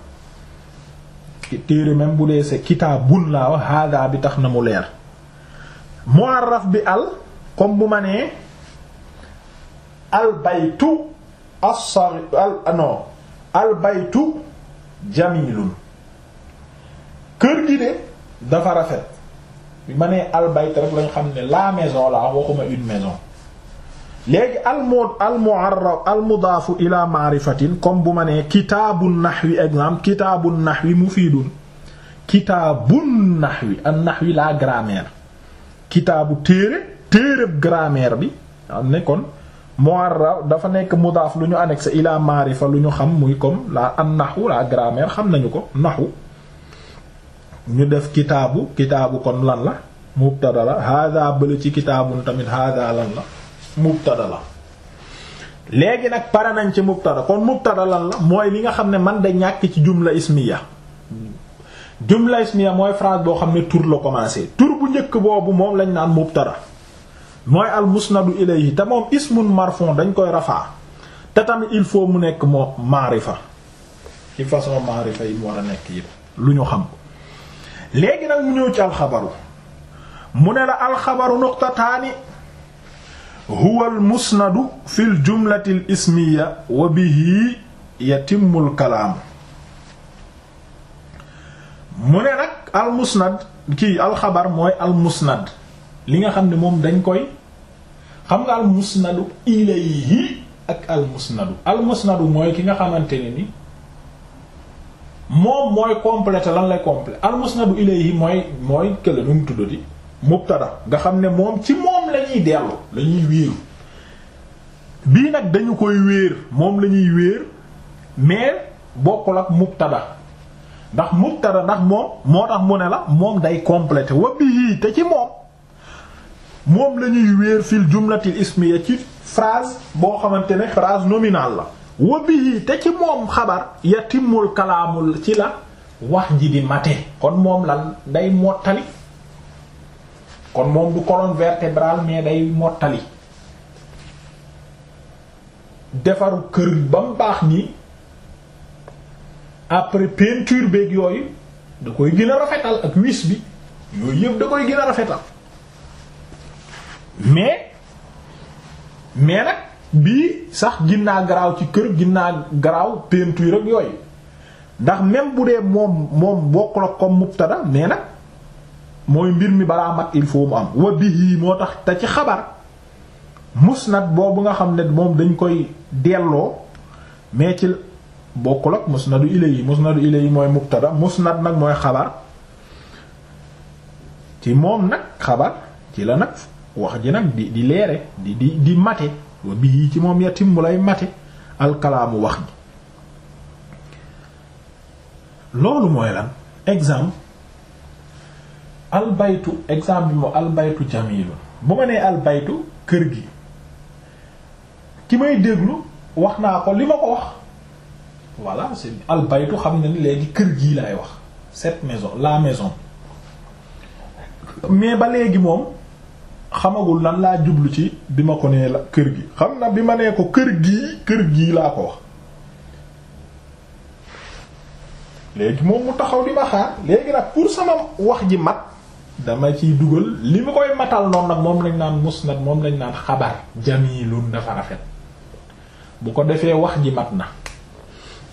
téere même bu dee c'est kitaabun laa wax hada bi tax na mu leer mu'arraf bi al comme bu ma nee al baytu asar al ah non al baytu jamilun kër gi de dafa rafet bi ma nee al bayt rek lañ xam ne la maison la waxuma une maison léegi al mu al mu'arraf al mudaafu ila maarifatin comme bu ma nee kitaabun naxwi exemple kitaabun naxwi mufiidun kitaabun naxwi an naxwi la grammaire kitaabu téere téereb grammaire bi am ne kon mu'arraf dafa nekk mudaaf lu ñu annexe ila maarifa lu ñu xam muy comme laa am naxu la grammaire xam nañu ko naxu ñu def kitaabu kitaabu kon lan la mubtada la hada bële ci kitaabun tamit hada lan la mubtada la léegi nag pare nañ ci mubtada kon mubtada lan la mooy li nga xam ne man de ñàkk ci jumla ismiya jumla ismiya mooy phrase boo xam ne tur la commencé tur bu njëkk boobu moom lañ naan mubtada mooy al musnadu ilayhi te moom ismun marfon dañ koy rafaa te il faut mu nekk moo maarifa ci façon maarifa yi nekk yépp lu ñu xam léegi nag mu ñëw ci alxabaru mu ne la alxabaru nuqtataani huwa al musnadu fi l jumlati al ismiya wa bihi yatimmu al kalaam mu ne nag al kii alxabar mooy al li nga xam ne moom dañ koy xam nga al musnadu yi ak al musnadu al mooy ki nga xamante ne ni moom mooy complété lan lay complété al musnadu ilayhi mooy mooy kële nu mu tuddati mubtada nga xam ne moom ci moom la ñuy dellu la ñuy wéeru bii nag dañu koy wéer moom la ñuy wéer mais bokkul ak mubtada ndax mubtada ndax moom moo tax mu ne la moom day complété wa bihi te ci moom moom la ñuy wéer fil jumlatil ismiya ci phrase boo xamante ne phrase nominale la wa bihi te ci moom xabar yatimul kalaamul ci la wax ji di mate kon moom la day mottali kon moom du colonne vertébrale mais day mottali defaru kër ba mu baax nii après peinture beeg yooyu da koy gën a rafetal ak wis bi yooyu yëpp da koy gën a rafetal mais mais nag bii sax ginaa garaaw ci kër ginnaa garaaw peinture ak yooyu ndax même bu dee moom moom bokkul ak comme mubtada mais nag mooy mbir mi balaa mat il faut mu am wa bihi moo tax te ci xabar musnad boobu nga xam ne moom dañ koy delloo mais ci bokkul ak musnadu ilayhi musnadu ilayhi mooy mubtada musnad nag mooy xabaar ci moom nag xabaar ci la nag wax ji nag di di leere di di di mate wa bii ci moom yatim mu lay mate alkalaamu wax ji loolu mooy lan exemple albaytu exemple bi moo albaytu jamilu bu ma nee albaytu kër gi ki may déglu wax naa ko li ma ko wax voilà c'est albaytu xam na ni léegi kër gii laay wax cette maison la maison mais ba léegi moom xamagul lan laa jublu ci bi ma ko nee la kër gi xam na bi ma nee ko kër gii kër gii laa ko wax léegi moom mu taxaw di ma xaar léegi nag pour sama wax ji mat dama ciy dugal li ma koy matal noonu nag moom lañ naan musnad moom lañ naan xabar jamilun dafa rafet bu ko defee wax ji mat na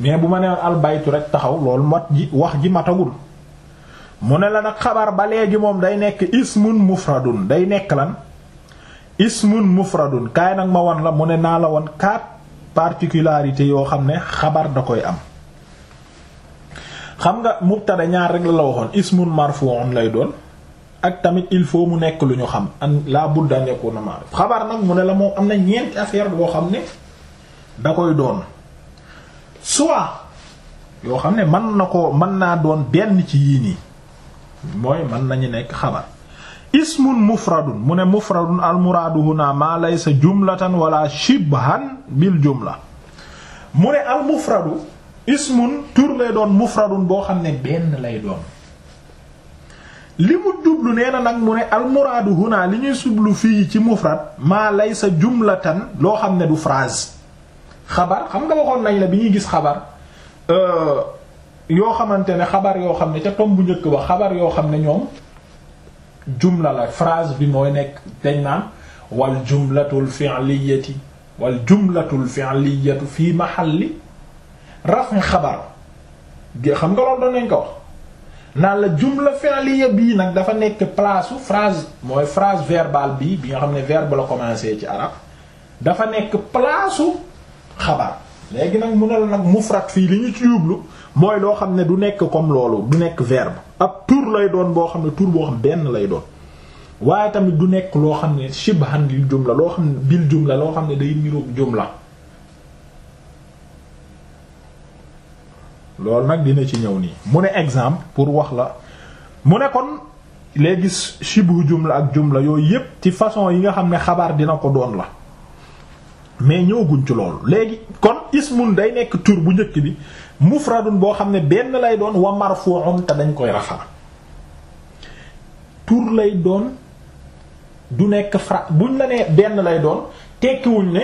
mais bu ma nee albaytu rek taxaw loolu mat ji wax ji matagul mu ne la nag xabar ba léegi moom day nekk ismun mufradun day nekk lan ismun mufradun kaay nag ma wan la mu ne naa la wan quatre particularités yoo xam ne xabar da koy am xam nga mubtada ñaar rek la la waxoon ismun marfu'un lay doon ak tamit il faut mu nekk lu ñu xam an la budda nekku na ma xabar nag mu ne la moo am na ñeenti affaire boo xam ne da koy doon soit yoo xam ne mën na ko mën naa doon benn ci yii nii mooy mën nañu nekk xabar ismun mufradun mu ne mufradun almuraadu huna maa laysa jumlatan wala shibhan bil jumla mu ne al ismun tur doon mufradun boo xam ne benn lay doon li mu jublu nee na nag mu ne almuraadu huna li ñuy sublu fii ci mufrad maa sa jumlatan loo xam ne du frase xabar xam nga waxoon nañ la bi ñuy gis xabar euh, yoo xamante ne xabar yoo xam ne ca tom bu njëkk ba xabar yoo xam ne ñoom jumla la phrase bi mooy nekk dañ naan wal jumlatul fi'liyati wal jumlatul fi'liyatu fii mahalli rafin xabar xam nga loolu doon nañ ko wax naan la jumla fi'liya bi nag dafa nekk place su phrase mooy phrase verbale bii bi nga xam ne verbe la commencé ci arab dafa nekk place xabar léegi nag mu ne la nag mufrad fii li ñu ci yublu mooy loo xam ne du nekk comme loolu du nekk verbe ab tur lay doon boo xam ne tur boo xam ne benn lay doon waaye tamit du nekk loo xam ne shibhan lil jumla loo xam ne bil jumla loo xam ne day niroog jumla loolu nag dina ci ñëw nii mu ne exemple pour wax la mu ne kon léegi shibhu jumla ak jumla yooyu yépp ci façon yi nga xam ne xabaar dina ko doon la mais ñëwaguñ ci loolu léegi kon ismun day nekk tur bu njëkk bi mufradun boo xam ne benn lay doon wa marfu'un te dañ koy rafa tur lay doon du nekk fra buñ la nee benn lay doon tekkiwuñ ne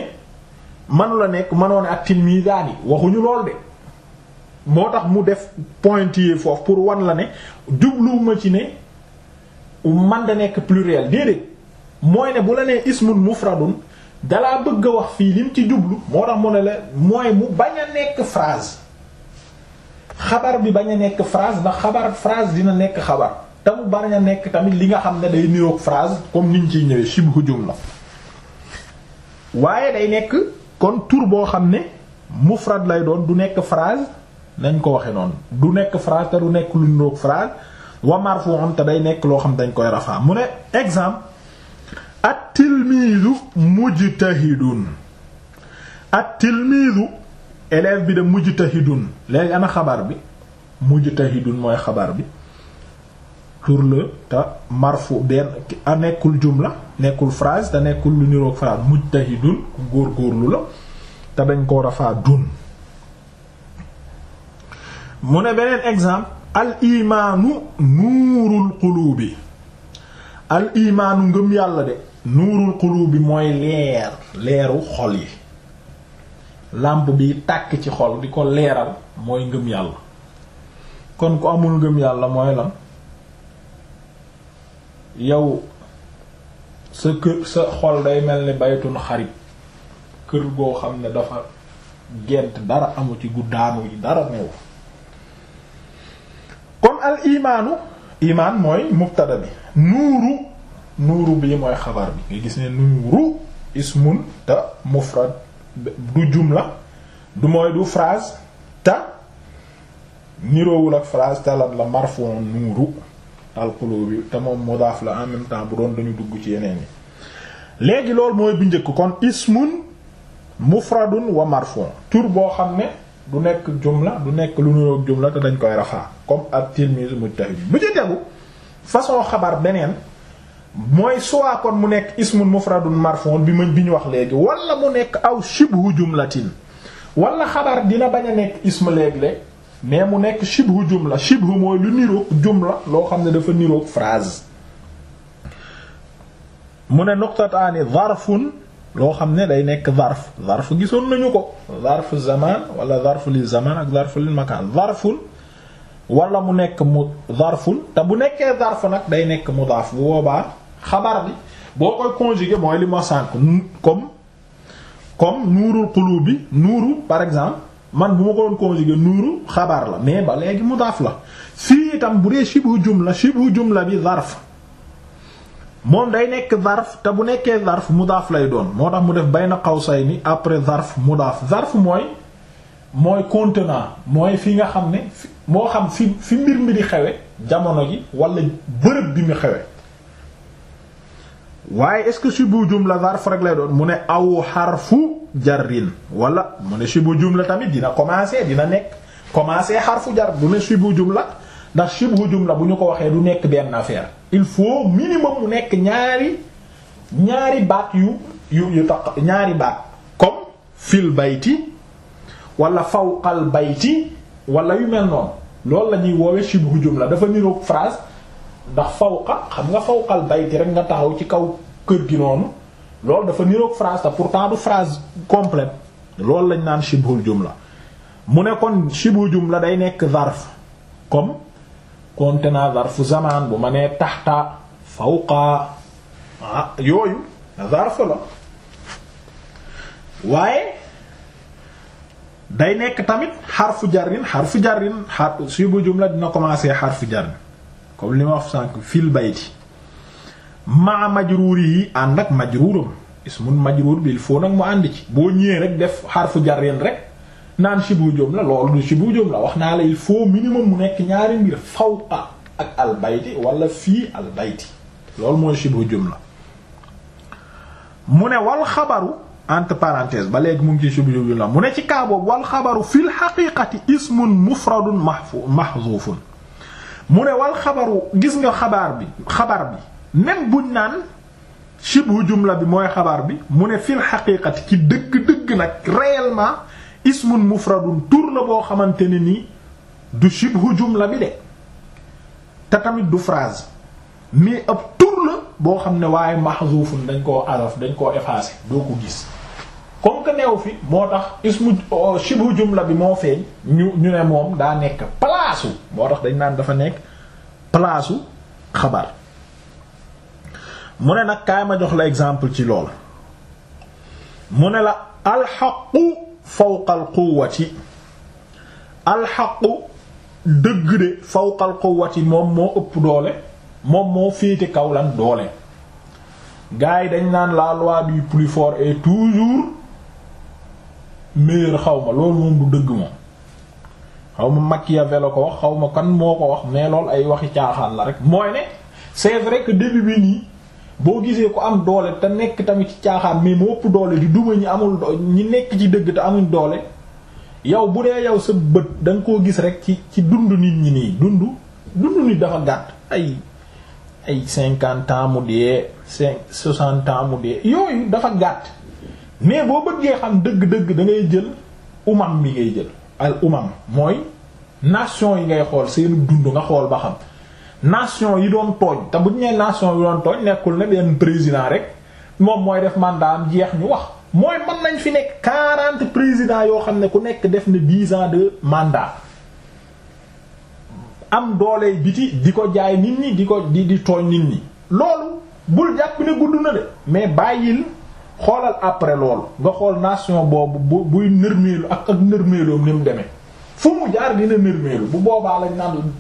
manu nekk mënoo ne ak yi waxuñu lool de moo tax mu def pointillé foofu pour wan la ne jubluwuma ci ne man da nekk pluriel déedéet mooy ne bu la nee ismun mufradun dalaa bëgg a wax fii lim ci jublu moo tax mu ne la mooy mu bañ a nekk phrase xabar bi bañ a nekk phrase ndax xabar phrase dina nekk xabar te mu bañ a nekk tamit li nga xam ne day niroog phrase comme niñ ciy ñëwee shibhu jumla waaye day nekk kon tur boo xam ne mufrad lay doon du nekk phrase nañ ko waxe noonu du nekk phrase te du nekk lu niroog phrase wa marfu'un te day nekk loo xam dañ koy rafaa mu ne exemple at-tilmiizu mujtahidun at-tilmiizu élève bi de mujtahidun léegi ana xabaar bi mujtahidun mooy xabaar bi pour le te marfu benn a nekkul jumla nekkul phrase te nekkul lu niroog phrase mujtahidun ku góorgóorlu la te dañ ko rafaa dun mu ne beneen exemple al nuurul qulubi al ngëm yàlla de nuurul xuluub bi mooy leer leeru xol yi làmp bi tàkk ci xol di ko leeral mooy ngëm yàlla kon ko amul ngëm yàlla mooy la yow sa kër sa xol day mel ni baytun xarib kër goo xam ne dafa gent dara amu ci guddaanu yi dara new kon al imaanu imaan mooy mubtada bi nuuru nuuru bii mooy xabar bi nga gis ne nuuru ismun te mufrad du jumla du mooy du phrase te niroowul ak phrase te la marfon nuuru alqulubi te moom mudaaf la en même temps bu doon dañu dugg ci yeneen yi léegi loolu mooy bi njëkk kon ismun mufradun wa marfon tur boo xam ne du nekk jumla du nekk lu nuroog jumla te dañ koy rafaa comme at tilmizu mujtahid bu ci tegu façon xabar beneen mooy soit kon mu nekk ismun mufradun marfon bi ma bi ñu wax léegi wala mu nekk aw shibhu jumlatin wala xabar dina bañ a nekk ism léeg-léeg mais mu nekk shibhu jumla shibhu mooy lu niroog jumla loo xam ne dafa niroog phrase mu ne nuqtataani zarfun loo xam ne day nekk zarf zarf gisoon nañu ko zarf zaman wala zarf li zaman ak zarf lil makan zarfun wala mu nekk mu zarfun te bu nekkee zarf nag day nekk mudaaf bu boobaa xabar bi boo koy conjuguer mooy li ma sànk comme comme nuurul xuluub bi nuuru par exemple man bu ma ko doon conjuguer nuuru xabar la mais ba léegi mudaaf la fii itam bu dee shibhu jumla shibhu jumla bi zarf moom day nekk zarf te bu nekkee zarf mudaaf lay doon moo tax mu def bayna qawsayni après zarf mudaaf zarf mooy mooy contenant mooy fi nga xam ne moo xam fi fi mbir mi di xewe jamono ji wala bërëb bi mu xewe waaye est-ce que shibu jumla zarf rek lay doon mu ne aw xarfu jarrin wala mu ne shibu jumla tamit dina commencer dina nekk commencer xarfu jar du ne shibu jumla ndax shibu jumla bu ñu ko waxee du nekk benn affaire il faut minimum mu nekk ñaari ñaari baat yu yu yu tax ñaari baat comme fil bayti wala fawqal bayti wala yu mel noonu loolu la ñuy woowee shibu jumla dafa niroog phrase ndax fawqa xam nga fawqal bayti rek nga taxaw ci kaw kër gi noonu loolu dafa niroog phrase te pourtant du phrase complète loolu lañ naan shibhul jumla mu ne kon shibhul jumla day nekk zarf comme contenant zarfu zaman bu ma nee taxta fawqa ah yooyu zarf la waaye day nekk tamit xarfu jarrin xarfu jarrin xar shibhul jumla dina commencer xarfu jarrin comme lima ma wax sànq fil bayti maa majruuri yi ànd ak majruuram ismun majruur bi il faut nag mu ànd ci boo ñëwee rek def xarfu jarreen rek naan shibu joom la loolu du shibu joom la wax naa la il faut minimum mu nekk ñaari mbir fawqa ak albayti wala fii albayti loolu mooy shibu joom la mu ne wal xabaru entre parenthèse ba léegi mu ngi ci shibu joom la mu ne ci kaa boobu wal xabaru fil xaqiiqati ismun mufradun mahfu mahzuufun mu ne wal xabaru gis nga xabaar bi xabaar bi même buñ naan shibhu jumla bi mooy xabaar bi mu ne fil xaqiiqati ci dëgg-dëgg nag réellement ismun mufradu tur la boo xamante ne nii du shibhu jumla bi de te tamit du phrase mais ab tur la boo xam ne waaye mahzufun dañ koo alaf dañ koo effacé doo ko gis comme que fi moo tax ismu euh, shibhu jumla bi moo feeñ ñu ñu ne moom daa nekk palaasu moo tax dañ naan dafa nekk palaasu xabar mu ne nag kaay ma jox la exemple ci lool mu ne la alxaqu fawqa al quwwati alxaqu dëgg de fawqa al quwwati moom moo ëpp doole moom moo féete kaw lan doole gars yi dañ naan la loi du plus fort est toujours meilleur xaw ma loolu moom du dëgg moom xaw ma Machiavel la ko wax xaw ma kan moo ko wax mais loolu ay waxi caaxaan la rek mooy ne c'est vrai que début bi nii boo gisee ko am doole te nekk tamit ci caaxaan mais mu ëpp doole di duma ñi amul ñi nekk ci dëgg te amuñ doole yow bu dee yow sa bët da koo gis rek ci ci dund nit ñi nii dund dund nit dafa gàtt ay ay cinquante ans mu dee cinq soixante ans mu dee yooyu dafa gàtt mais boo bëggee xam dëgg-dëgg da ngay jël umam bi ngay jël al umam mooy nation yi ngay xool seen dund nga xool ba xam nation yi doon tooñ te bu ñu nee nation yi doon tooñ nekkul ne benn président rek moom mooy def mandat am jeex ñu wax mooy mën nañ fi nekk quarante présidents yoo xam ne ku nekk def na dix ans de mandat am doole biti di ko jaay nit ñi di ko di di tooñ nit ñi loolu bul jàpp ne gudd na de mais bàyyil xoolal après lool nga xool nation boobu bu buy nërmeelu ak ak nërmeeloom ni mu deme fu mu jaar dina nërmeelu bu boobaa lañ naan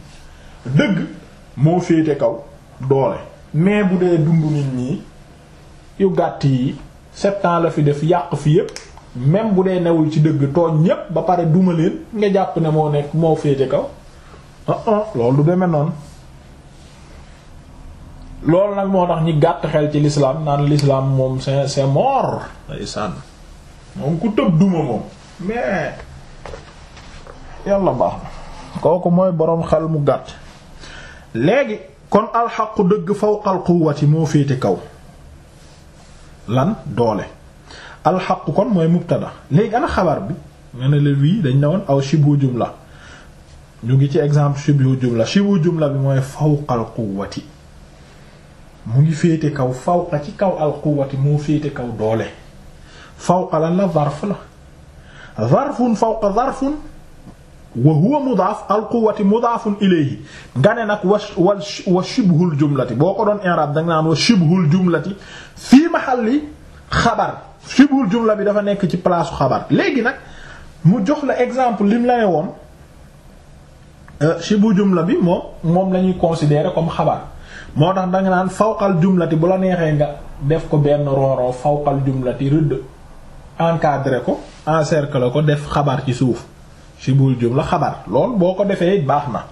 dëgg moo féete kaw doole mais bu dee dund nit ñi yu gàtt yi sept la fi def yàq fi yépp même bu dee newul ci dëgg tooñ ñépp ba pare duma leen nga jàpp ne moo nekk moo féete kaw ah ah loolu du noonu loolu nag moo tax ñi gàtt xel ci lislaam naan l'islam moom c'est c'est mort day sànn moom ku tëb duma moom mais yàlla baax na kooku mooy boroom xal mu gàtt léegi kon alxaqu dëgg fawqal quwwati moo féete kaw lan doole alxaqu kon mooy mubtada léegi ana xabar bi nga ne la wii dañ ne woon aw shibu jumla ñu ngi ci exemple shibu jumla shibu jumla bi mooy fawqal quwwati mu ngi féete kaw fawqa ci kaw alquwati moo féete kaw doole fawqa lan la zarf la zarfun fawqa zarfun wa huwa mudaaf alquwati mudaafun ilayhi nga ne nag wa wa shibhul jumlati boo ko doon i'rab danga naan wa shibhul jumlati fii mahalli xabar shibhul jumla bi dafa nekk ci place xabar léegi nag mu jox la exemple lim la ne woon euh, shibhul jumla bi moom moom la ñuy considérer comme xabar moo tax danga naan fawqal jumlati bu la neexee nga def ko benn rooroo fawqal jumlati rëdd encadré ko encercle ko def xabar ci suuf si bul jumla xabar lool boo ko defee baax na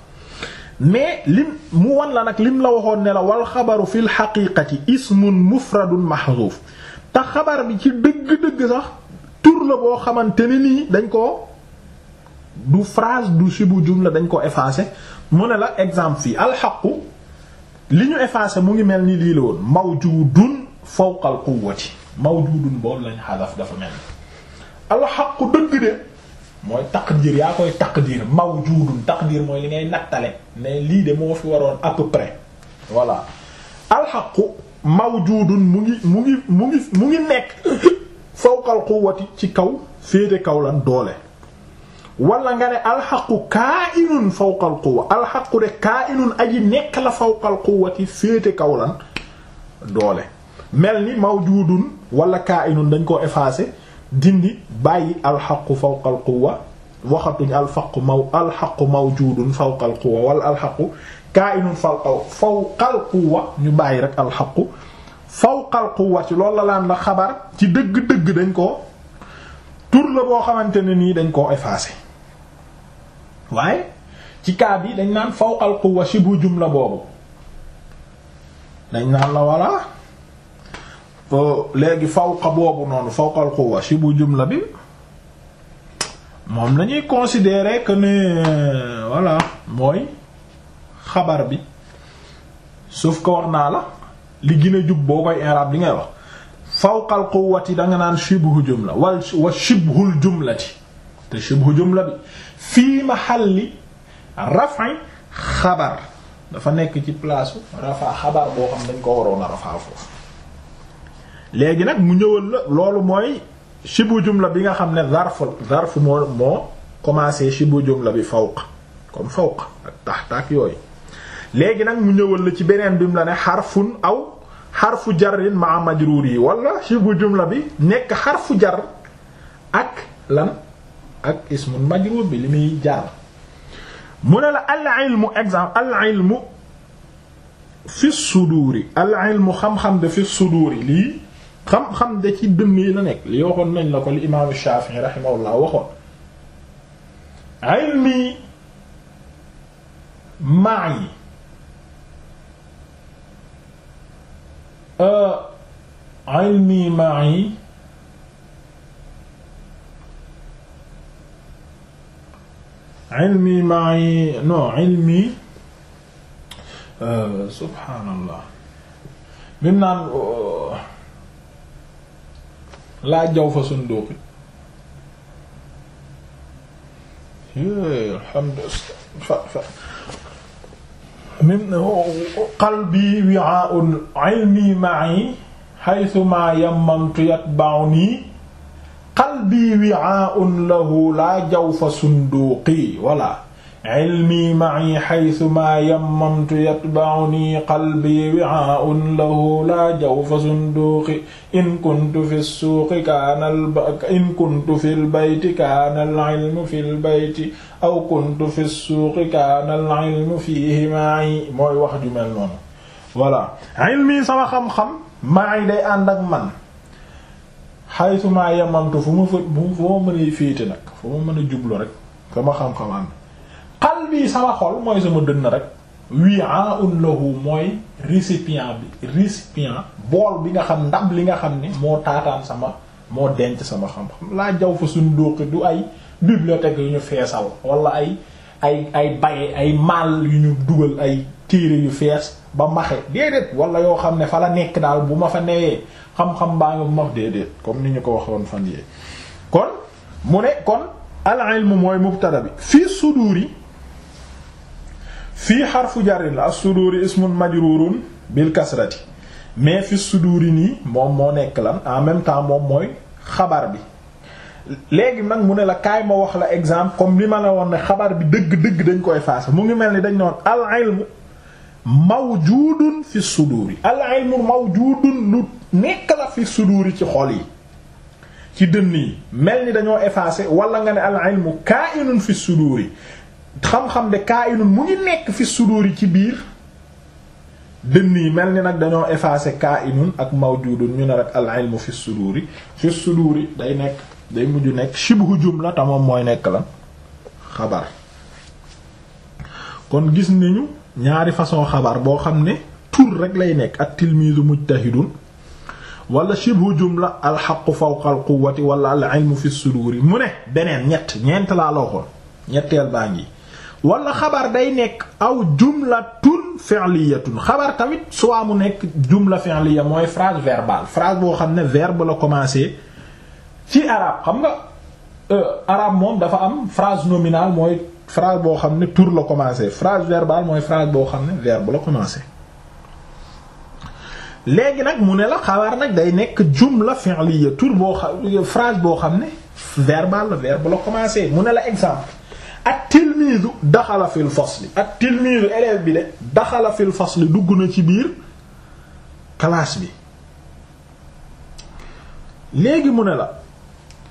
mais lim mu wan la nag lim la waxoon ne la wal xabaru fil xaqiiqati ismun max mahzuuf tax xabar bi ci dëgg-dëgg sax tur la boo xamante ne nii dañ koo du phrase du sibu jumla dañ ko effacé mu ne la exemple fii alxaqu li ñu effacé mu ngi mel ni lii la woon mawjudun fawqal quwwati mawjudun boobu lañ xadaf dafa mel alxaqu dëgg de mooy taqdir yaa koy taqdir mawjudun taqdir mooy li ngay nattale mais lii de moo fi waroon à peu près voilà alxaqu mawjudun mu ngi mu ngi mu ngi mu ngi nekk fawqal quwwati ci kaw féete kaw lan doole wala nga ne alxaqu kaa'inun fawqa alquwa alxaqu de kaa'inun aji nekk la fawqa alquwati féete kaw lan doole mel ni mawjudun wala kaa'inun dañ koo effacé dindi bàyyi alxaqu fawqa alquwa waxatuñ alfaqu maw alxaqu mawjudun fawqa alquwa wala alxaqu kaa'inun fawqa fawqa alquwa ñu bàyyi rek alxaqu fawqa alquwati loolu la laan la xabar ci dëgg-dëgg dañ koo tur la boo xamante ne nii dañ koo effacé waaye ci cas bi dañ naan fawqal quwwa shibu jumla boobu dañ naan la walla euh, léegi fawqa boobu noonu fawqal quwwa shibu jumla bi moom lañuy considérer que ne voilà mooy xabar bi sauf que wax naa la li gine jub boo koy i'rab li ngay wax fawqal quwwati da danga naan shibhu jumla wal wa shibhul jumlati te shibhu jumla bi fii li rafi xabar dafa nekk ci place rafa xabar boo xam dañ ko waroon a rafa foofu léegi nag mu ñëwal loolu mooy shibu jumla bi nga xam ne zarf zarf moo moo commencé shibu jumla bi fawq comme fawq ak taxta ak yooyu léegi nag mu ñëwal la ci beneen bi mu la ne xarfun aw xarfu jarin ma majruur yi wala shibu jumla bi nekk xarfu jar ak lan ak ismun majrur bi li muy jaar mu ne la al ilmu exemple al ilmu fi suduuri al ilmu xam-xam de fi suduuri lii xam-xam de ci dënn yi la nekk li waxoon nañ la ko li imaamu Shaafi'i rahimahullah waxoon ilmi ma'i euh, ilmi ma'i ilmi ma'i non ilmi euh, subhaanallah bi mu naan euh, laa jaw fa sunduuqi alhamdulillah min qalbi wi'aa'un ilmi ma'i haythu ma yammamtu yatba'uni qalbi wi'aa'un lahu laa jawfa sunduuqi wala ilmi ma'i haythu maa yammamtu yatba'uni qalbi wi'aa'un lahu laa jawfa sunduuqi in kuntu fi suuqi kaana in kuntu fil bayti kaana al-'ilmu fil bayti aw kuntu fi suuqi kaana al-'ilmu fiihi ma'i mooy wax ju mel noonu voilà ilmi sama xam-xam ma'i day ànd ak man xaytuma yamamtu fu ma fa fu ma mën a féete nag fu ma mën a jublu rek sama xam-xam am qalbi sama xol mooy sama dënn rek wi'a'un lahu mooy récipient bi récipient bool bi nga xam ndab li nga xam ne moo taataan sama moo denc sama xam-xam laa jaw fa suñ dóoqi du ay bibliothèque yu ñu feesal walla ay ay ay baye ay maal yu ñu dugal ay téere yu fees ba maxe déedéet walla yoo xam ne fa la nekk daal bu ma fa newee xam-xam baa nga bu ma wax déedéet comme ni ñu ko waxoon fan yee kon mu ne kon al ilmu mooy mubtada bi fii suduuri fii xarfu jarin la as-suduuri ismun majruurun bil kasrati mais fi suduuri nii moom moo nekk lan en même temps moom mooy xabar bi léegi nag mu ne la kaay ma wax la exemple comme li ma la woon ne xabar bi dëgg-dëgg dañ koy faase mu ngi mel ni dañ noon al ilmu mawjuudun fi suduuri al ilmu mawjuudun lu nekk la fi suduuri ci xol yi ci dënn yi mel ni dañoo effacé walla nga ne al ilmu kaa'inun fi suduuri xam-xam de kaa'inun mu ngi nekk fi suduuri ci biir dënn yi mel ni nag dañoo effacé kaa'inun ak mawjudun ñu ne rek al ilmu fi suduuri fi suduuri day nekk day mujj nekk shibhu jumla te moom mooy nekk la xabar kon gis nañu ñaari façon xabar boo xam ne tur rek lay nekk ak tilmiizu mujtahidun wala shibhu jumla alxaqu fawqa al quwati wala al ilmu fi suduri mu ne beneen ñett ñeent laa la waxoon ñetteel baa ngi wala xabar day nekk aw jumlatun fi'liyatun xabar tamit soo mu nekk jumla fi'liya mooy phrase verbale phrase boo xam ne verbe la commencer ci arabe xam nga euh, arabe moom dafa am phrase nominale mooy phrase boo xam ne tour la commencer phrase verbale mooy phrase boo xam ne verbe la commencer léegi nag mu ne la xabaar nag day nekk jumla fi'liya tur boo xam phrase boo xam ne verbal la verbe la commencé mu ne la exemple ak tilmiidu daxala fil fasli ak tilmiidu élève bi de daxala fil fasli dugg na ci biir classe bi léegi mu ne la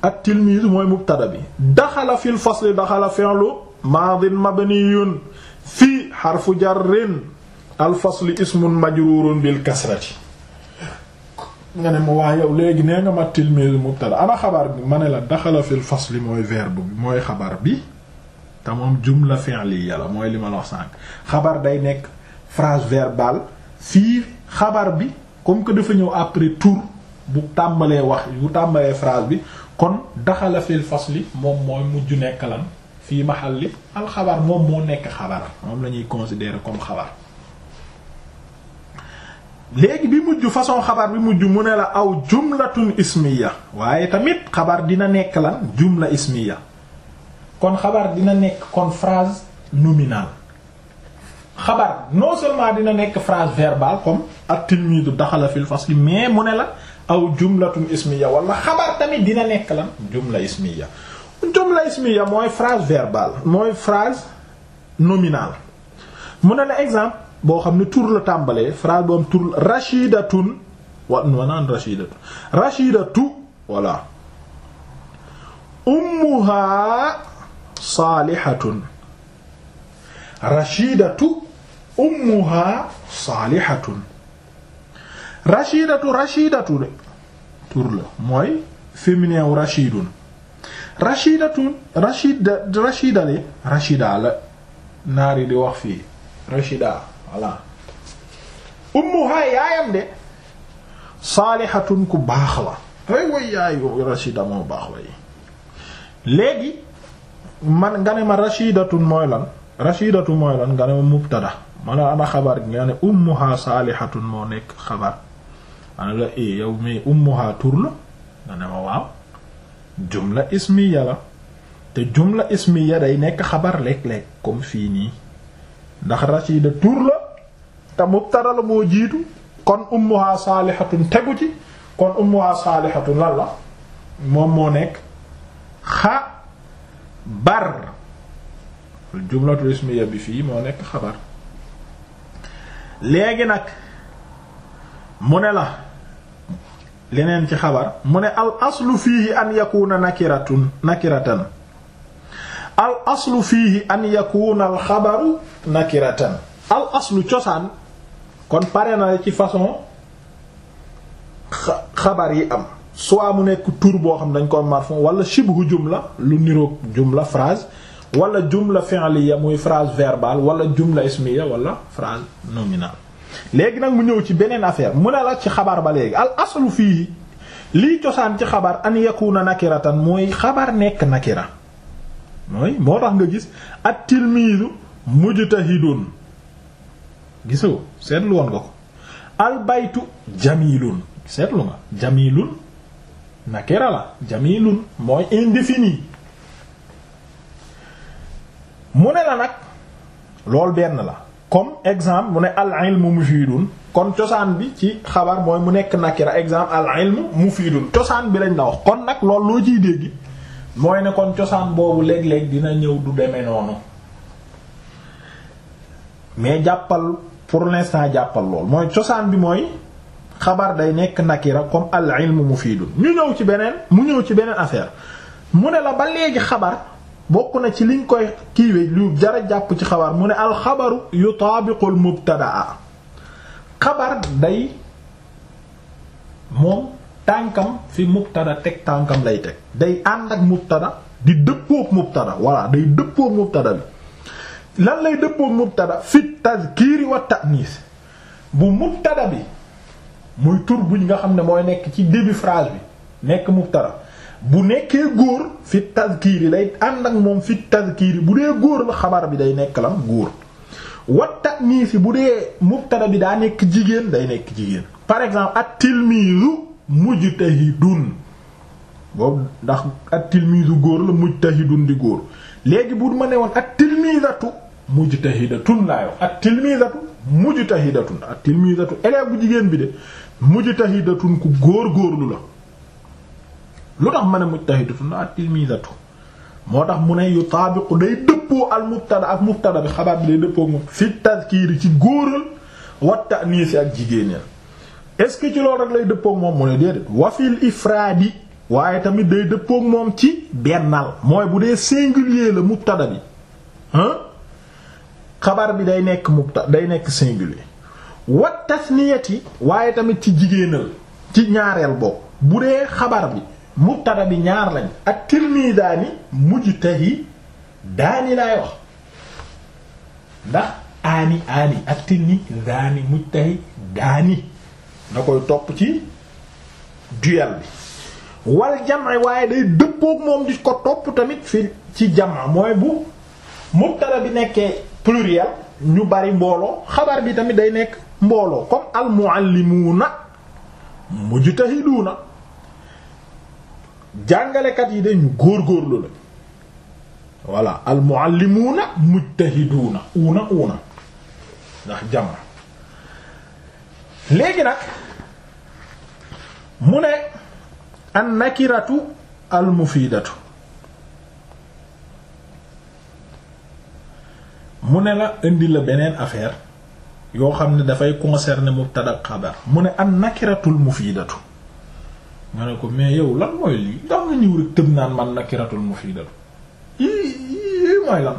ak tilmiidu mooy mubtada bi daxala fil fasli daxala fi'lu maadin mabniyun fii xarfu jarrin al fasli ismun majrurun bil kasrati nga ne ma waa yow léegi nee nga ma mu mubtada ana xabar bi ma ne la daxala fil fasli mooy verbe bi mooy xabar bi te moom jumla fi'liya yalla mooy li ma la wax sànq xabar day nekk phrase verbale fii xabar bi comme que dafa ñëw après tour bu tàmbalee wax bu tàmbalee phrase bi kon daxala fil fasli moom mooy mujj nekk lan fii mahalli al xabar moom moo nekk xabar moom la ñuy considérer comme xabar léegi bi mujj façon xabaar bi mujj mu ne la aw jumlatun ismiya waaye tamit xabaar dina nekk lan jumla ismiya kon xabar dina nekk kon phrase nominale xabaar non seulement dina nekk phrase verbale comme at-tilmidu daxala fil fasli mais mu ne la aw jumlatun ismiya wala xabaar tamit dina nekk lan jumla ismiya jumla ismiya mooy phrase verbale mooy frase nominale mu ne na exemple boo xam ne tur la tàmbalee phrase boo am tur rashidatu voilà ummuha saalihatun rashidatu ummuha saalihatun rashidatu rashidatu de rashida naari di wax fii rashida voilà ummuha yaayam de saalihatun ku baax la ay way yaayu Rashida moo baax way léegi man nga ne ma rashidatun mooy lan rashidatu mooy lan nga ne ma mubtada man ana xabar gi nga ne ummuha saalihatun moo nekk xabar ana la e yow mais ummuha tur la nga ne ma waaw jumla ismiya la te jumla ismiya day nekk xabar léeg-léeg comme fii nii ndax rashida tur la te mubtada la moo jiitu kon ummuha saalihatun tegu ci kon ummuha saalihatun lan la moom moo nekk xabar jumlatu ismiya bi fii moo nekk xabar léegi nag mu ne la leneen ci xabar mu ne al aslu fiihi an yakuna nakiratun nakiratan al aslu fii an yakuna al xabaru nakiratan al aslu cosaan kon pare na ci façon xabar yi am soit mu nekk tur boo xam dañ ko marfu wala shibhu jumla lu niroog jumla phrase wala jumla fi'liya muy phrase verbale wala jumla ismiya wala phrase nominale léegi nag mu ñëw ci beneen affaire mu ne la ci xabar ba léegi al aslu fii lii cosaan ci xabar an na nakiratan mooy xabar nekk nakira mooy moo tax nga gis at yi mujtahidun gisoo seetlu woon nga ko albaytu jamilun seetlu nga jamilun nakira la jamilun mooy indéfini mu ne la nag lool benn la comme exemple mu ne al ilmu mufidun kon cosaan bi ci xabar mooy mu nekk nakira exemple al ilmu mufidun cosaan bi lañ la wax kon nag loolu loo ciy dégg mooy ne kon cosaan boobu léeg-léeg dina ñëw du demee noonu mais jàppal pour l'instant jàppal lool mooy cosaan bi mooy xabar day nekk nakira comme al ilmu mufidun ñu ñëw ci beneen mu ñëw ci beneen affaire mu ne la ba léegi xabar bokk na ci liñ koy kiiwe lu jara jàpp ci xabar mu ne al xabaru yutaabiqul mubtadaa xabar day moom tànkam fi mubtada teg tànkam lay teg day ànd ak mubtada di dëppook mubtada walla day dëppook mubtada bi lan lay dëppoo mubtada fit tadhkiri wa ta'nis bu mubtada bi muy tur buñ nga xam ne mooy nekk ci début phrase bi nekk mubtada bu nekkee góor fit tadhkiri day ànd ak moom fit tadhkiri bu dee góor la xabar bi day nekk lam góor wa ta'nis bu dee mubtada bi daa nekk jigéen day nekk jigéen par exemple at-tilmizu mujtahidun boobu ndax at-tilmizu góor la mujtahidun di góor léegi bu ma ne woon at-tilmizatu mujj laa yow at tilmisatu mujtahidatun at tilmisatu élève jigéen bi de mujtahidatun ku góor-góorlu la lu tax ma ne mujtahidatun at tilmisatu moo tax mu ne yu taabiqu day dëppoo al mubtada ak mubtada bi xabaar bi day dëppoo moom fi tazkiri ci góoral wa ta'nis ak jigéeneel est-ce que ci lool rek lay dëppoo moom mu ne déedéet wa fil ifraadi waaye tamit day dëppoo moom ci bennal mooy bu dee singulier la mubtada bi xabar bi day nekk mubta day nekk singulier wa tasniyati waaye tamit ci jigéenal ci ñaareel bokk bu dee xabar bi mubtada bi ñaar lañ ak tilmidaani mujtahi daani laay wax ndax aani daani na koy topp ci duel bi wal jama waaye day dëppook moom di ko topp tamit fi ci jam mooy bu mubtada bi nekkee pluriel ñu bari mbooloo xabar bi tamit day nekk mbooloo comme al muallimuuna mujtahiduuna jàngalekat yi dañu góorgóorlu la voilà al muallimuuna mujtahiduuna uuna uuna ndax jama léegi nag mu ne an nakiratu al mufidatu mu ne la indi la beneen affaire yoo xam ne dafay concerner mubtada xabar mu ne an nakiratul mufidatu nga ne ko mais yow lan mooy lii ndax nga naan man nakiratul mufidatu yi yi mooy lan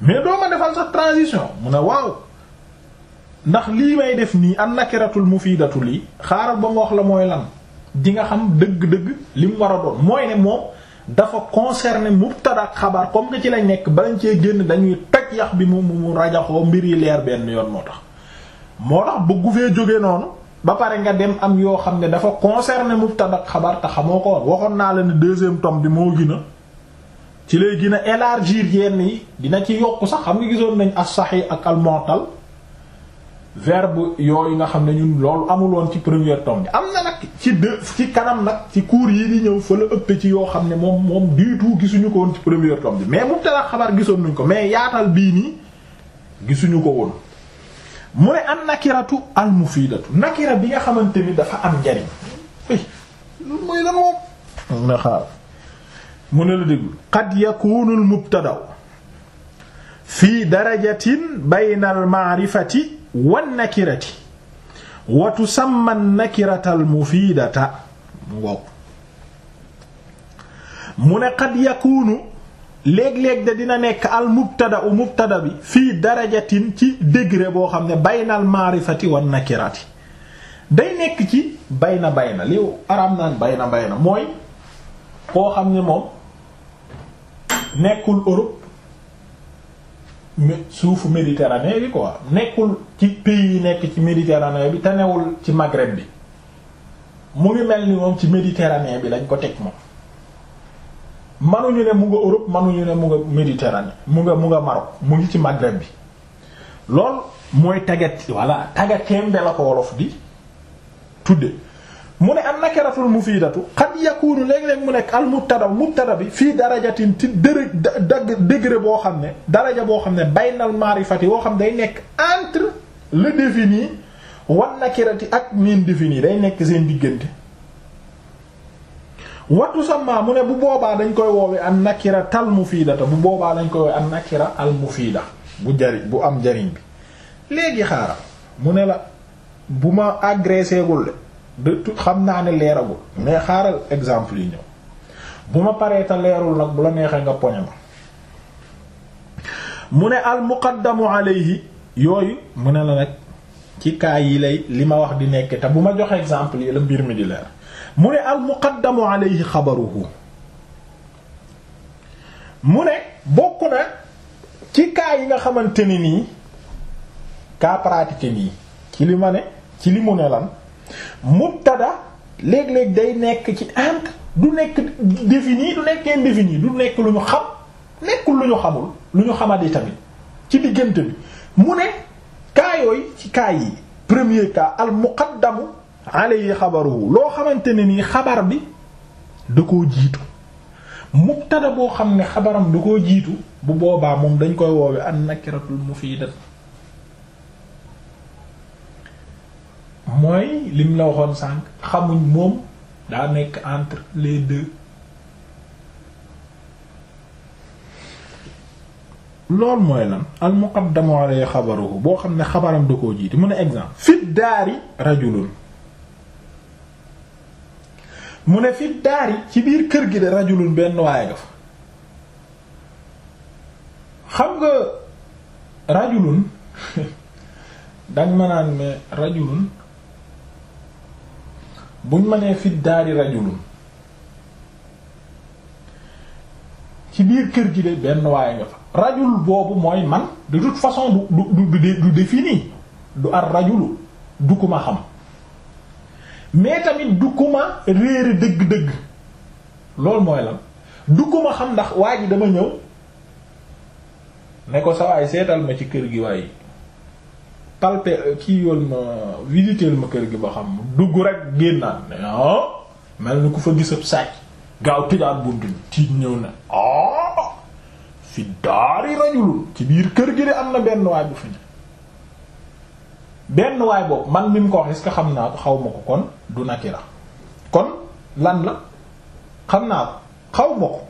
mais doo ma defal sax transition mu ne waaw ndax lii may def nii an nakiratul mufidatu lii xaaral ba mu wax la mooy lan di nga xam dëgg-dëgg li mu war a doon mooy ne moom dafa concerner mubtada ak xabaar comme que ci lañ nekk ba lañ cee génn dañuy toj yax bi mu mu rajaxoo mbir yi leer benn yoon moo tax moo tax bëggu fee jóge noonu ba pare nga dem am yoo xam ne dafa concerner mubtada ak xabaar te xamoo ko waxoon naa la ne deuxième tome bi moo gina ci lay gën a élargir yenn yi dina ci yokk sax xam nga gisoon nañ as-sahih ak al verbe yooyu nga xam ne ñun loolu amuloon ci première tome bi am na nag ci deux ci kanam nag ci cours yi di ñëw fa la ëpp ci yoo xam ne moom moom du gisuñu ko woon ci première tome bi mais mu xabar gisoon nañ ko mais yaatal bii nii gisuñu ko woon mu ne an nakiratu al mufidatu nakira bi nga xamante ni dafa am njariñ mooy lan moom na xaar mu ne la déglu qad yakunu al mubtada fi darajatin bayna al wan nakirati wa tusamma nakiratal mufiidata mu ngoog mu ne qad yakunu léeg-léeg de dina nekk al mubtada u mubtada bi fii darajatin ci degré boo xam ne baynal maarifati wan nakirati day nekk ci bayna bayna li araam naan bayna bayna mooy koo xam ne moom nekkul Europe suufu Méditerranée bi quoi nekkul ci pays yi nekk ci Méditerranée bi te newul ci Maghreb bi mu ngi mel ni moom ci Méditerranée bi lañ ko teg moom manuñu ne mu nga Europe manuñu ne mu nga Méditerranée mu nga mu nga Maroc mu ngi ci Maghreb bi lool mooy tagat voilà tagateembe la ko wolof di tudde mu ne an nakiratul mufiidatu qad yakunu léeg-léeg mu nekk al mubtada mubtada bi fii darajatin ci dërë degré boo xam ne daraja boo xam ne baynal maarifati boo xam day nekk entre le défini wan nakirati ak min défini day nekk seen diggante watu sama mu ne bu boobaa dañ koy woowe an nakira tal mufiidata bu boobaa dañ koy woowe an nakira al mufiida bu jariñ bu am jariñ bi léegi xaaral mu ne la bu ma agressé de de tout xam naa ne leeragul mais xaaral exemple yi ñëw bu ma pareeta te leerul nag bu la neexee nga poñe ma mu ne al muqaddamu alayhi yooyu mu ne la ci kaa yi li ma wax di nekk bu ma joxe exemple yi mbir mi di mu ne al muqaddamu alayhi xabaruhu mu ne bokk na ci kaa yi nga xamante ni nii kaa pratique nii ci li ma ne ci li mu ne lan mubtada léeg-léeg day nekk ci entre du nekk défini du nekk indéfini du nekk lu ñu xam nekkul lu ñu xamul lu ñu xamat xamadi tamit ci diggante bi mu ne cas ci cas yi premier cas al muqaddamu alayhi xabaruhu loo xamante ni nii xabar bi da koo jiitu mubtada boo xam ne xabaram du koo jiitu bu boobaa moom dañ koy woowe an nakiratul mufidat mooy lim la waxoon sànq xamuñ moom daa nekk entre les deux loolu mooy lan al muqaddamu boo xam ne xabaram da ko jiiti mu ne exemple fi daari rajulun mu ne fit daari ci biir kër gi de rajulun benn waaye nga xam nga rajulun danga ma naan rajulun buñ ma nee fi daari rajulun ci biir kër gi de benn waaye nga fa rajul boobu mooy man de toute façon du du du du ar rajulu du xam mais tamit du ku dëgg-dëgg loolu mooy lan du ku xam ndax waa ji dama ñëw ne ko sa waay seetal ma ci kër gi waaye palpe euh, kii yoon ma visiteel ma kër gi ba xam dugg rek génnaat ne ah, mel ni ku fa gis ab sàcc gaaw tëjaat bunt bi tiit ñëw na ah fi daari rajulun ci biir kër gi de am na benn waay bu fi ne benn waay boobu man mi mu ko wax est xam naa ko xaw ma ko kon du nakira kon lan la xam naa ko xaw ma ko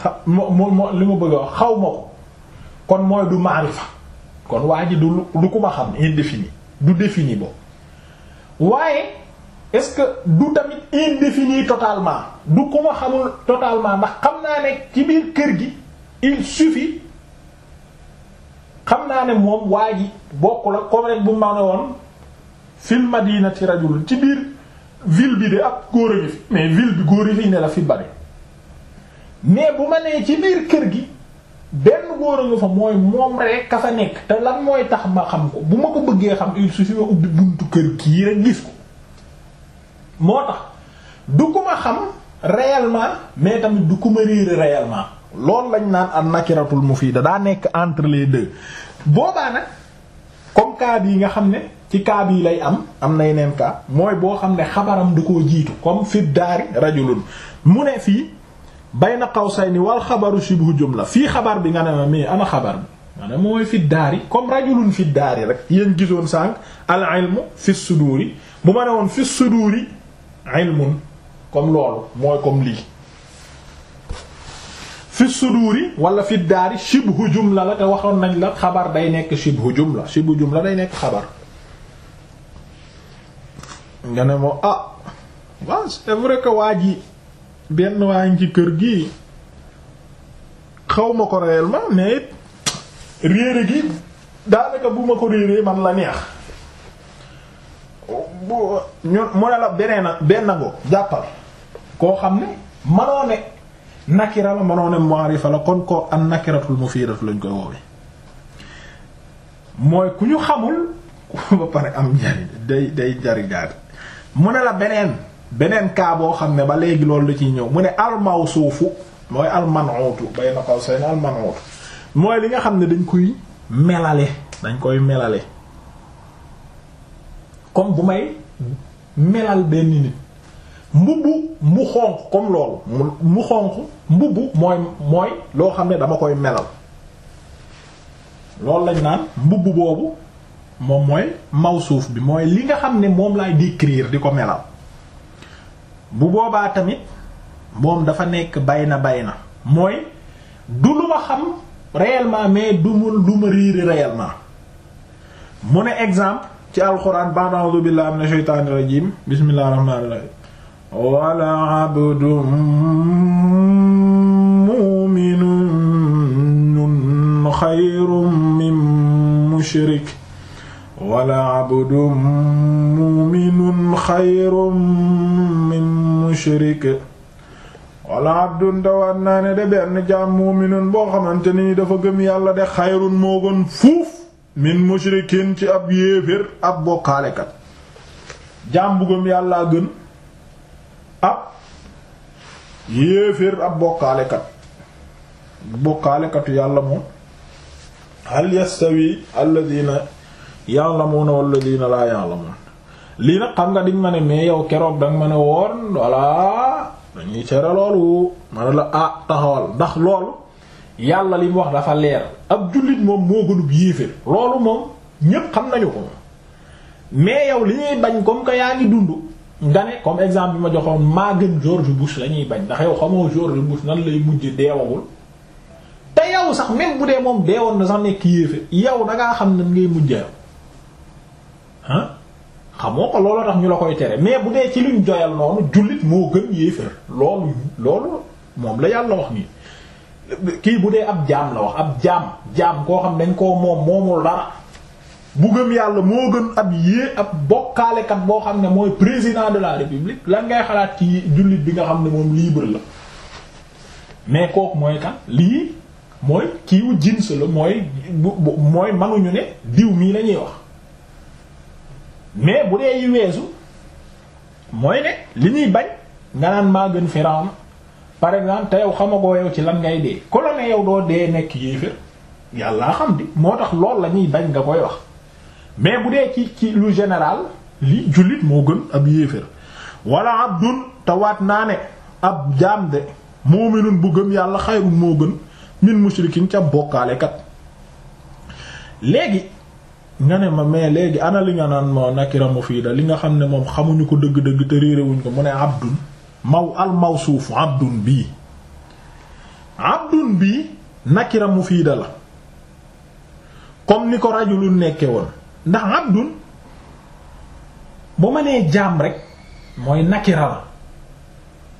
xa moo moo li mu bëgg a wax xaw ma ko. kon mooy du maarifa kon waa ji du lu ku ma xam indéfini du défini boobu waaye est-ce que du tamit indéfini totalement du ku ma xamul totalement ndax xam naa ne ci biir kër gi il suffit xam naa ne moom waa ji bokk la comme rek bu ma ne woon fil madinati rajul ci biir ville bi de ab góor a fi mais ville bi góor yi fi ne la fi bari mais bu ma nee ci biir kër gi benn góor a fa mooy moom rek ka fa nekk te lan mooy tax ma xam ko bu ma ko bëggee xam il suffit ma ubbi buntu kër kii rek gis ko moo tax du ku ma xam réellement mais tamit du ku ma réere réellement loolu lañ naan an fii da daa nekk entre les deux boobaa nag comme cas yi nga xam ne ci cas yi lay am am na yeneen cas mooy boo xam ne xabaram du koo jiitu comme fi daari rajulun mu ne fii bayna qawsayni wal xabaru shibhu jumla fii xabar bi nga ne ma mais ana xabar bi nga ne mooy fi daari comme rajulun fi daari rek yéen gisoon sànq al ilmu fi suduuri bu ma ne woon fi suduuri ilmun comme loolu mooy comme lii fi suduuri wala fi daari shibhu jumla la te waxoon nañ la xabar day nekk shibhu jumla shibhu jumla day nekk xabar nga ne moo ah waaw c'est vrai que waa ji benn waa ngi ci kër gi xaw ma ko réellement gi daanaka bu ma ko réeree man la neex ñun mu ne la beneen benn ngo jàppal koo xam ne manoo ne nakira la manoo ne mu'arifa la kon ko an nakiratul mufidatu lañ koy woowe mooy ku ñu xamul ba pare am njariñ day day jariñaat mu ne la beneen beneen cas boo xam ne ba léegi loolu la ciy ñëw mu ne almawsuufu mooy almanuutu bay na xaw seen almanuutu mooy li nga xam ne dañ koy melale dañ koy melale comme bu may melal benn nit mbubu mu xonq comme loo xam ne dama koy melal loolu lañ naan mbubb boobu moom mooy suuf bi mooy li nga xam ne moom lay décrire di ko melal bu boobaa tamit moom dafa nekk bay na bay na mooy du lu ma xam réellement mais du lu ma riiri réellement mu ne exemple ci alxuraan ba'da a'uuzu billaahi mina shaytaani rajiim bismillaahir rahmaanir rahiim wala abdun mu'minun xayrun min mushrik wala abdun mu'minun xayrun mushrik wala abdun tawaat naa ne de benn jaam mu'minun boo xamante ni dafa gëm yàlla de xayrun moo gën fuuf min mushrikin ci ab yéefér ab bokkaalekat jaam bu gëm yàllaa gën ab yéefér ab bokkaalekat bokkaalekatu yàlla moom hal yastawi alladina ya'lamuna walladina la ya'lamuna lii nag xam nga diñ ma ne mais yow keroog danga ma ne woon voilà dañuy tere loolu ma ne la ah taxawal ndax loolu yàlla li wax dafa leer ab jullit moom moo gënub yéeféer loolu moom ñépp xam nañu ko mais yow li ñuy bañ comme que yaa ngi dund nga ne comme exemple bi ma joxoon maa gën George buus la ñuy bañ ndax yow xamoo George Bush nan lay mujj deewagul te yow sax même bu dee moom deewoon na sax nekk yéeféer yow dangaa xam ne ngay mujj yow xamoo ko looloo tax ñu la koy tere mais bu dee ci luñ joyal noonu jullit moo gën yéefér loolu loolu moom la yàlla wax nii kii bu dee ab jaam la wax ab jaam jaam koo xam dañ koo moom moomul bu gëm yàlla moo gën ab ab bokkaalekat boo xam ne mooy président de la république lan ngay xalaat ci jullit bi nga xam ne moom libre la mais kooku mooy kan lii mooy kiiwu jins la mooy mooy manuñu ne diw mii lañuy wax mais bu dee yi weesu mooy ne li ñuy bañ nga naan maa gën Firawna par exemple te yow xamagoo yow ci lan ngay dee ku la ne yow doo dee nekk yéefér yàlla xam di moo tax lool la ñuy bañ nga koy wax mais bu dee ci ci lu général li jullit moo gën ab yéefér wala abdun te waat naa ne ab jaam de mu'minun bu gëm yàlla xayrun moo gën min mushrikin ca bokkaalekat léegi nga ne ma mais léegi ana li nga naan moo nakira mufiida li nga xam ne moom xamuñu ko dëgg-dëgg te réeréwuñ ko mu ne abdun maw al mawsuuf abdun bii abdun bii nakira mufiida la comme ni ko rajulun nekke woon ndax abdun bu ma nee jaam rek mooy nakira la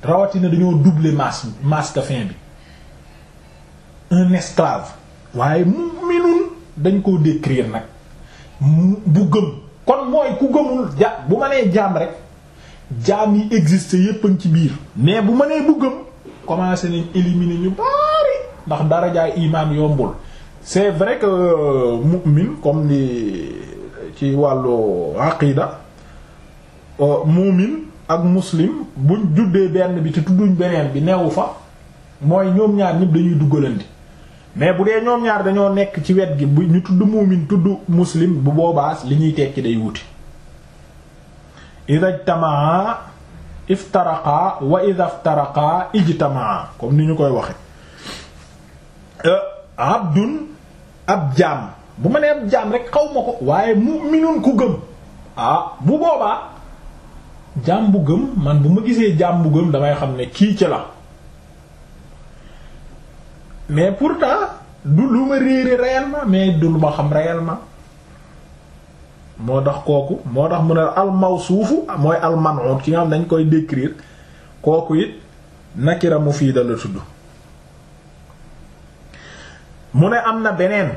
rawatina dañoo duble mas masque fin bi un esclave waaye mu'minun dañ koo décrire nag bu gëm kon mooy ku gëmul ja bu ma nee jaam rek jaam yi existe yépp ci biir mais bu ma nee bu gëm commencé nañ éliminer ñu bari ndax darajaay imaan yombul c'est vrai que euh, mu'min comme ni ci wàllu aqida euh, mu'min ak muslim buñ juddee benn bi te tudduñ beneen bi newu fa mooy ñoom ñaar ñëpp dañuy duggalandi mais bu dee ñoom ñaar dañoo nekk ci wet gi bu ñu tudd muumin tudd muslim bu boobaas li ñuy tekki day wuti idaj tamaa iftaraqa wa idaftaraqa ijtamaa comme ni ñu koy waxe eh, abdun ab jaam bu ma nee ab jaam rek xaw ma ko waaye mu'minun ku gëm ah, bu boobaa jaam bu gëm man bu ma gisee jaam bu gëm damay xam ne kii ci la mais pourtant du lu ma réere réellement mais du lu ma xam réellement moo tax kooku moo tax mu ne al mawsuufu mooy al man'ut ki nga xam dañ koy décrire kooku it nakira mufiida la tudd mu ne am na beneen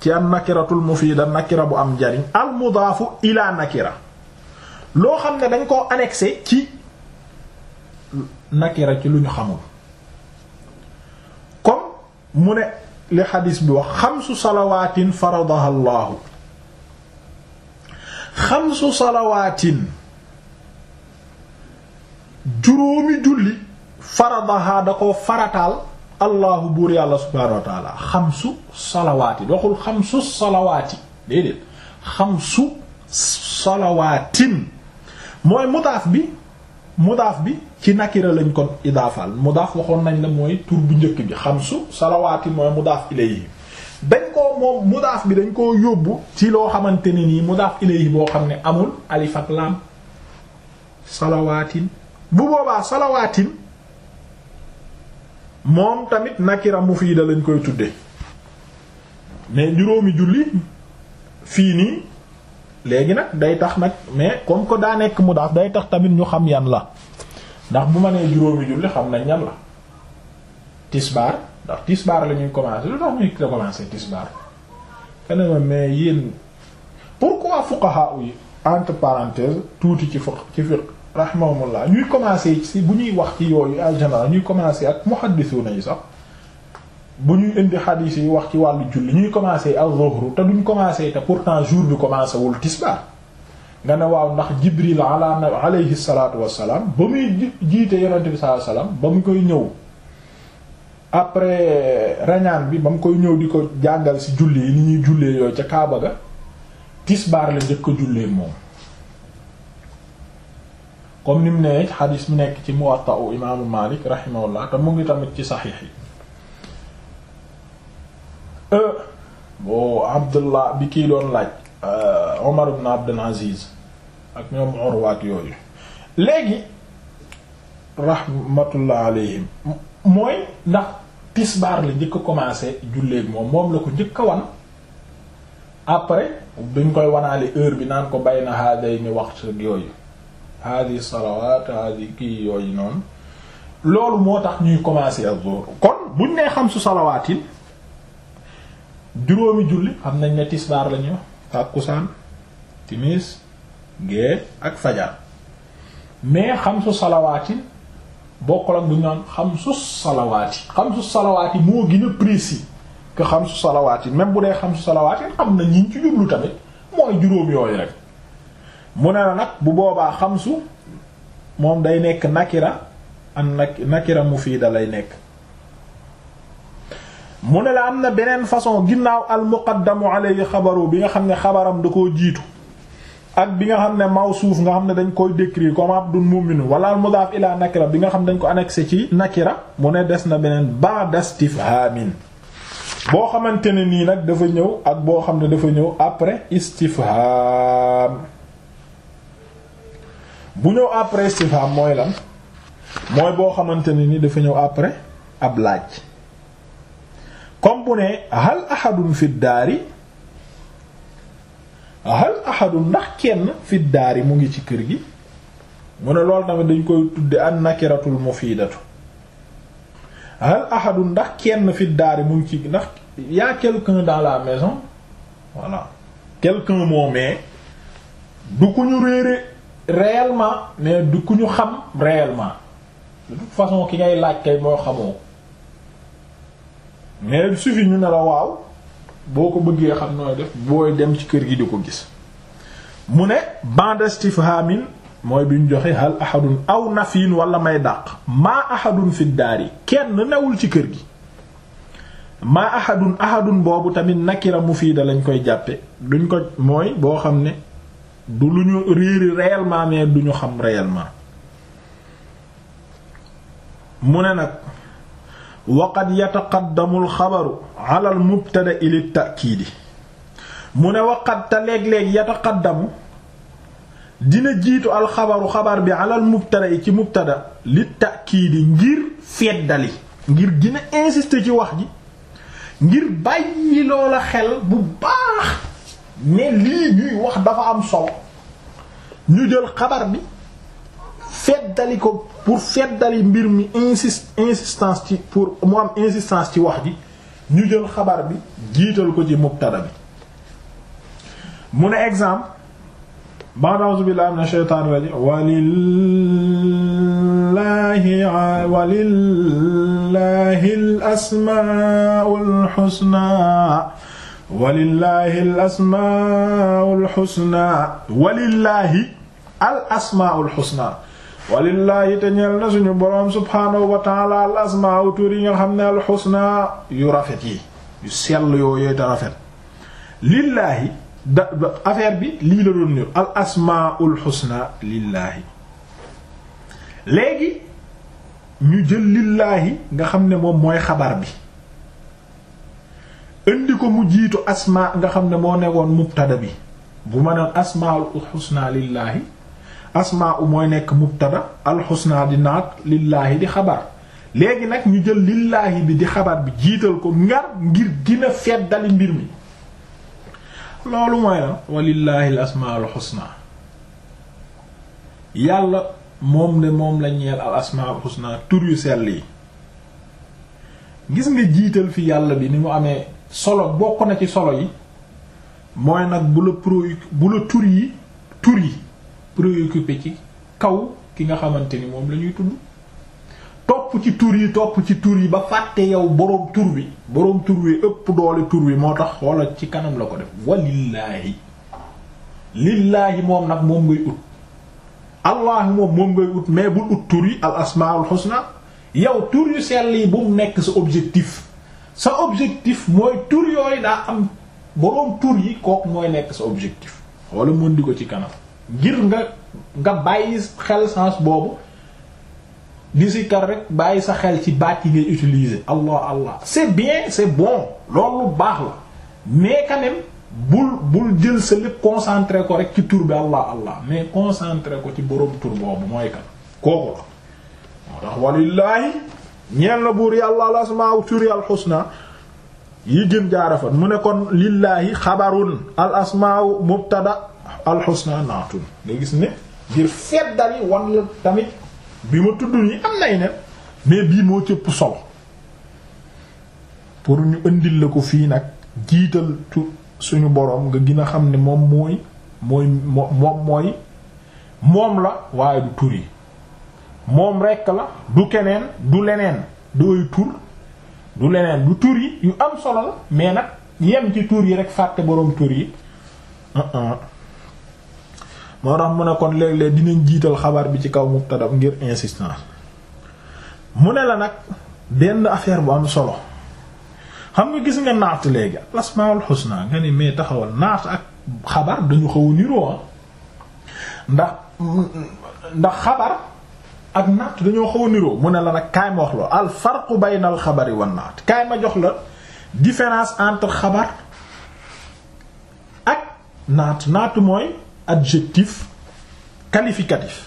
ci an nakiratul mufiida nakira bu am njariñ al mudaafu ila nakira loo xam ne dañ koo annexé ci nakira ci lu ñu xamul mu ne li xadis bi wax xamsu salawaatin faradaha allahu xamsu salawaatin juróomi julli faradaha da ko farataal allahu buur yàlla subhaanahu wa xamsu salawaatin waxul xamsu salawaati déedéet xamsu salawaatin mooy mudaaf bi mudaaf bi ci nakira lañ kon idaafaal mudaaf waxoon nañ la mooy tur bu njëkk bi xamsu salawaati mooy mudaaf ilayhi dañ koo moom mudaaf bi dañ koo yóbbu ci loo xamante ne nii mudaaf ilayhi boo xam ne amul alif ak laam salawaatin bu boobaa salawaatin moom tamit nakira mufiida lañ koy tudde mais juróomi julli fii nii léegi nag day tax nag mais comme que daa nekk mudaaf day tax tamit ñu xam yan la ndax bu ma nee juróomi julli xam na ñan la tisbaar ndax tisbaar la ñuy commencer lu tax ñuy commencer tisbaar kene ma mais yéen pourquoi fuqaha yi entre parenthèses tuuti ci fiqh ci fiqh rahimahumullah ñuy commencer ci bu ñuy wax ci yooyu en général ñuy commencer ak muhaddisuna yi sax bu ñuy indi xadiis yi wax ci wàllu julli ñuy commencer ak zuhru te duñ commencer te pourtant jour bi commencé wul tisbaar nga ne waaw ndax jibril ala alayhi salatu wasalaam ba muy jiite yonent bi sallallahu alayhi wasallam ba mu koy ñëw après rañaan bi ba mu koy ñëw di ko jàngal ci julli yi ni ñuy jullee yooyu ca Kaaba ga tisbaar la njëkk ko jullee moom comme ni mu ne xadis mi nekk ci Muwatta u imaamu Malik rahimahullah te mu ngi tamit ci saxiix yi euh, boo Abdullah bi kii doon laaj Euh, Omar ibn Abdul Aziz ak ñoom orwaat yooyu léegi rahmatullah alayhim mooy ndax tisbaar la njëkk a commencé julleeg moom moom la ko njëkk a wan après duñ koy wanaale heure bi naan ko bayna haaday ni wax ak yooyu hadi salawat hadi kii yooyu noonu loolu moo tax ñuy commencé az kon buñ nee xam su salawaatin juróomi julli xam nañ ne tisbaar la tàkkusaan timis gée ak fajar mais xamsu salawaati bokkul ak bu ñu naan xamsu salawaati xamsu salawaati moo gën a précis que xamsu salawaati même bu dee xamsu salawaati xam na ñi ci jublu tamit mooy juróom yooyu rek mu ne la nag bu boobaa xamsu moom day nekk nakira an nakira mu mufiida lay nekk mu ne la am na beneen façon ginnaaw al muqaddamu alayhi xabaru bi nga xam ne xabaram da koo jiitu ak bi nga xam ne mawsuuf nga xam ne dañ koy décrire comme abdun mu'min wala al mudaaf ila nakira bi nga xam ne dañ ko annexé ci nakira mu ne des na beneen ba'da istifhamin boo xamante ne nii nag dafa ñëw ak boo xam ne dafa ñëw après istifham bu ñëw après istifham mooy lan mooy boo xamante ne nii dafa ñëw après ab laaj mu ne hal ahadun daari hal ahadun ndax kenn fi daari mu ngi ci kër gi mu ne loolu tamit dañ koy tudde an nakiratul mufidatu hal ahadun ndax kenn fit daari mu ngi ci ndax y'a quelqu'un dans la maison voilà quelqu'un moomee du ku ñu réere réellement mais du ku ñu xam réellement de toute façon ki ngay laaj kay moo xamoo mais suffit ñu ne la waaw boo ko bëggee xam nooy def booy dem ci kër gi di ko gis mu ne bande istifhamin mooy bi ñu joxe hal ahadun aw nafiin wala may dàq maa ahadun fi yi kenn newul ci kër gi maa ahadun ahadun boobu tamit mu fii mufiida lañ koy jàppe duñ ko mooy boo xam ne du lu ñu réeri réellement mais duñu ñu xam réellement mu ne nag waqad yataqaddamu alxabaru ala almubtada li takiidi mu ne waqad te léeg-léeg yataqaddamu dina jiitu alxabaru xabar bi ala almubtada yi ci mubtada li takiidi ngir feddali ngir dina a insister ci wax ji ngir bàyyi loola xel bu baax ne lii ñuy wax dafa am solo ñu jël xabar bi feddali ko pour feddali mbir mi insist insistance ci pour mu am insistance ci wax ji ñu jël xabar bi jiital ko ci mubtada bi mu ne exemple ba'da a'uuzu billahi minash shaytaanir rajiim walillahi walillahi al-asmaa'ul husnaa walillahi al-asmaa'ul husnaa walillahi al-asmaa'ul husnaa walillaahi te ñeel na suñu boroom subhaanahu wa taala al asmaa tur yi nga xam ne alxusna yu rafet yi yu sell yooyu te rafet lillaahi da affaire bi lii la doon ñëw al asmaul lillaahi léegi ñu jël lillaahi nga xam ne moom mooy xabar bi indi ko mu jiitu asma nga xam ne moo nekkoon mubtada bi bu ma doon asmaul xusna lillaahi asmaa'u mooy nekk mubtada alxusna di naat lillaahi di xabar léegi nag ñu jël lillaahi bi di xabar bi jiital ko ngar ngir gën feddali mbir mi loolu mooy la walillaahi asmaa'ul xusna yàlla moom de moom la ñeel al tur yu sell yi gis nga jiital fi yàlla bi ni mu amee solo bokk na ci solo yi mooy nag bu la pro bu la tur yi tur yi préoccupé ci kaw ki nga xamante ni moom la ñuy tudd topp ci tur yi topp ci tur yi ba fàtte yow boroom tur bi boroom tur wi ëpp doole tur wi moo tax wala ci kanam la ko def walillaahi lillaahi moom nag moom ngay ut allah moom moom ngay ut mais bul ut tur yi al asmaul husna yow tur yu sell yi bu mu nekk sa objectif sa objectif mooy tur yooyu daa am boroom tur yi kooku mooy nekk sa objectif wala mën di ko ci kanam ngir nga nga bàyyi xel sens boobu di si kar rek bàyyi sa xel ci baat yi ngay utiliser allah allah c'est bien c'est bon loolu baax la mais quand bul bul jël sa lépp concentré ko rek ci tur bi allah allah mais concentré ko ci boroom tur boobu mooy kan kooku la moo tax walillaahi ñeel na buur yàlla al asmaaw turi yi gën jaarafat mu ne kon lillaahi xabarun al mubtada alxusna naatun nga gis ne ngir feddal yi wan la tamit bi ma tudd nii am nay nen mais bii moo cëpp solo pour ñu indil la ko fii nag jiital suñu boroom nga gin a xam ne moom mooy moom la waaye du tur yi moom rekk la du keneen du leneen dooy tur du leneen du tur yi yu am solo la mais nag yem ci tur yi rek fàtte boroom tur yi uh-uh. moo tax mu ne kon léeg-léeg dinañ jiital xabar bi ci kaw mubtada ngir insistance mu ne la nag benn affaire bu am solo xam nga gis nga naat léegi asmaul husna nga ni mais taxawal naat ak xabar dañu xaw niroo ah. ndax ndax xabar ak naat dañoo xaw a mu ne la nag kaay ma wax la al farqu bayna xabari wan naat kaay ma jox la différence entre xabar ak naat naat mooy. adjectif qualificatif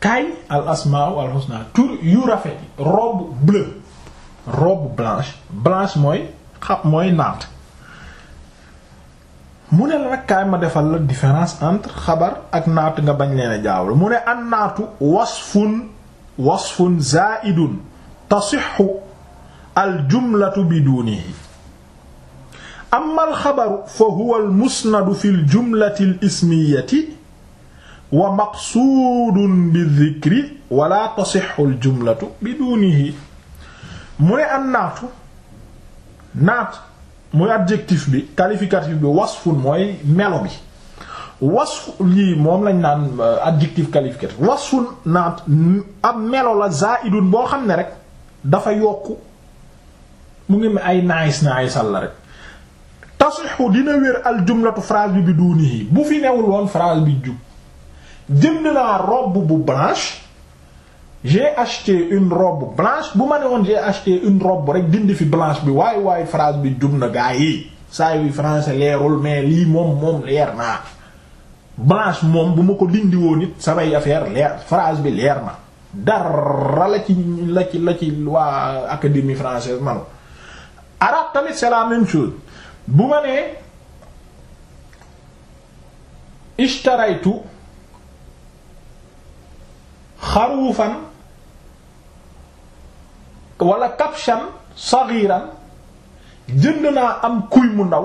kaay al asmaa al husna tur yu rafet yi robe bleue robe blanche blanche mooy xab mooy naat mu ne la nag kaay ma defal la différence entre xabar ak naat nga bañ leen a mu ne an naatu wasfun wasfun zaidun tasixu al jumlatu bi dunihi amma alxabaru fa huwa almusnadu fi ljumlati alismiyati wa maqsuudun bidikri wala tasixu aljumlatu bidunihi mu ne an naatu naat muy adjectif bi qualificatif bi wasfun mooy melo bi wasf lii moom lañ naan euh, adjectif qualificatif wasfun naat ab melo la zaidun boo xam ne rek dafa yokk mu ngi mi ay naais naaisal la rek tasixu dina wér aljumlatu phrase bi bi duunihi bu fi newul woon phrase bi jub jënd naa robe bu blanche j'ai acheté une robe blanche bu ma ne woon j'ai une robe rek dindi fi blanche bi waaye waaye phrase bi jub na gaa yi saa yu français leerul mais lii moom moom leer naa blanche moom bu ma ko dindi woon it samay affaire leer phrase bi leer na dara la ci la ci la ci waa académie française manu arabe tamit c'est la même bu ma nee ishtaraytu xaruufan walla kabshan saxiran jënd naa am kuy mu ndaw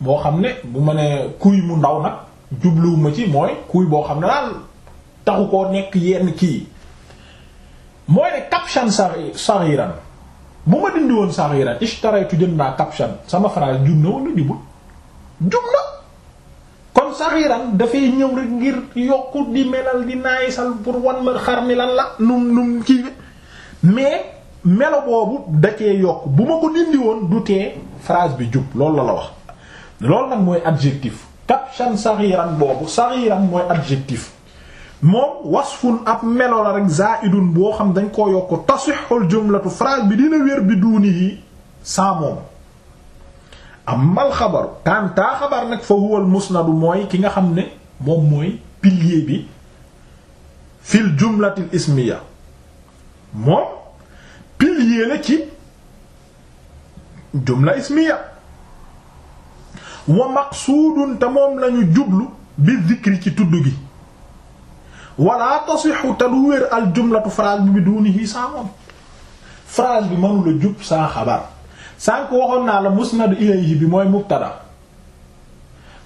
boo xam ne bu ma nee kuy mu ndaw nag jubluwuma ci mooy kuy boo xam ne daal taxu koo nekk yenn kii mooy ne kabshan saxiran bu ma dindi woon saxiiran ishtaraytu jënd naa kapshan sama phrase jub na wala jubul jub na kon saxiiran dafay ñëw rek ngir yokku di melal di naayisal pour wan xar mi lan la num num kii mais melo boobu da yokk bu ma ko dindi woon du tee bi jub loolu la la wax loolu nag mooy adjectif kapshan saxiiran boobu saxiiran mooy adjectif moom wasfun ab melo la rek zaidun boo xam dañ koo yokk tasihul jumlatu phrase bi dina wér bi duunihi saa moom amal xabaru kantaa xabar nag fa huwal musnadu mooy ki nga xam ne moom mooy pilier bi fil jumlatil ismiya moom pilier la ci jumla ismiya wa maqsuudun te moom lañu jublu bi zikri ci tudd gi wala tasixu te du wér al jumlatu phrase bi bi dunihi saa moom phrase bi mënula jub saa xabar sànq waxoon naa la musnadu ilayhi bi mooy mubtada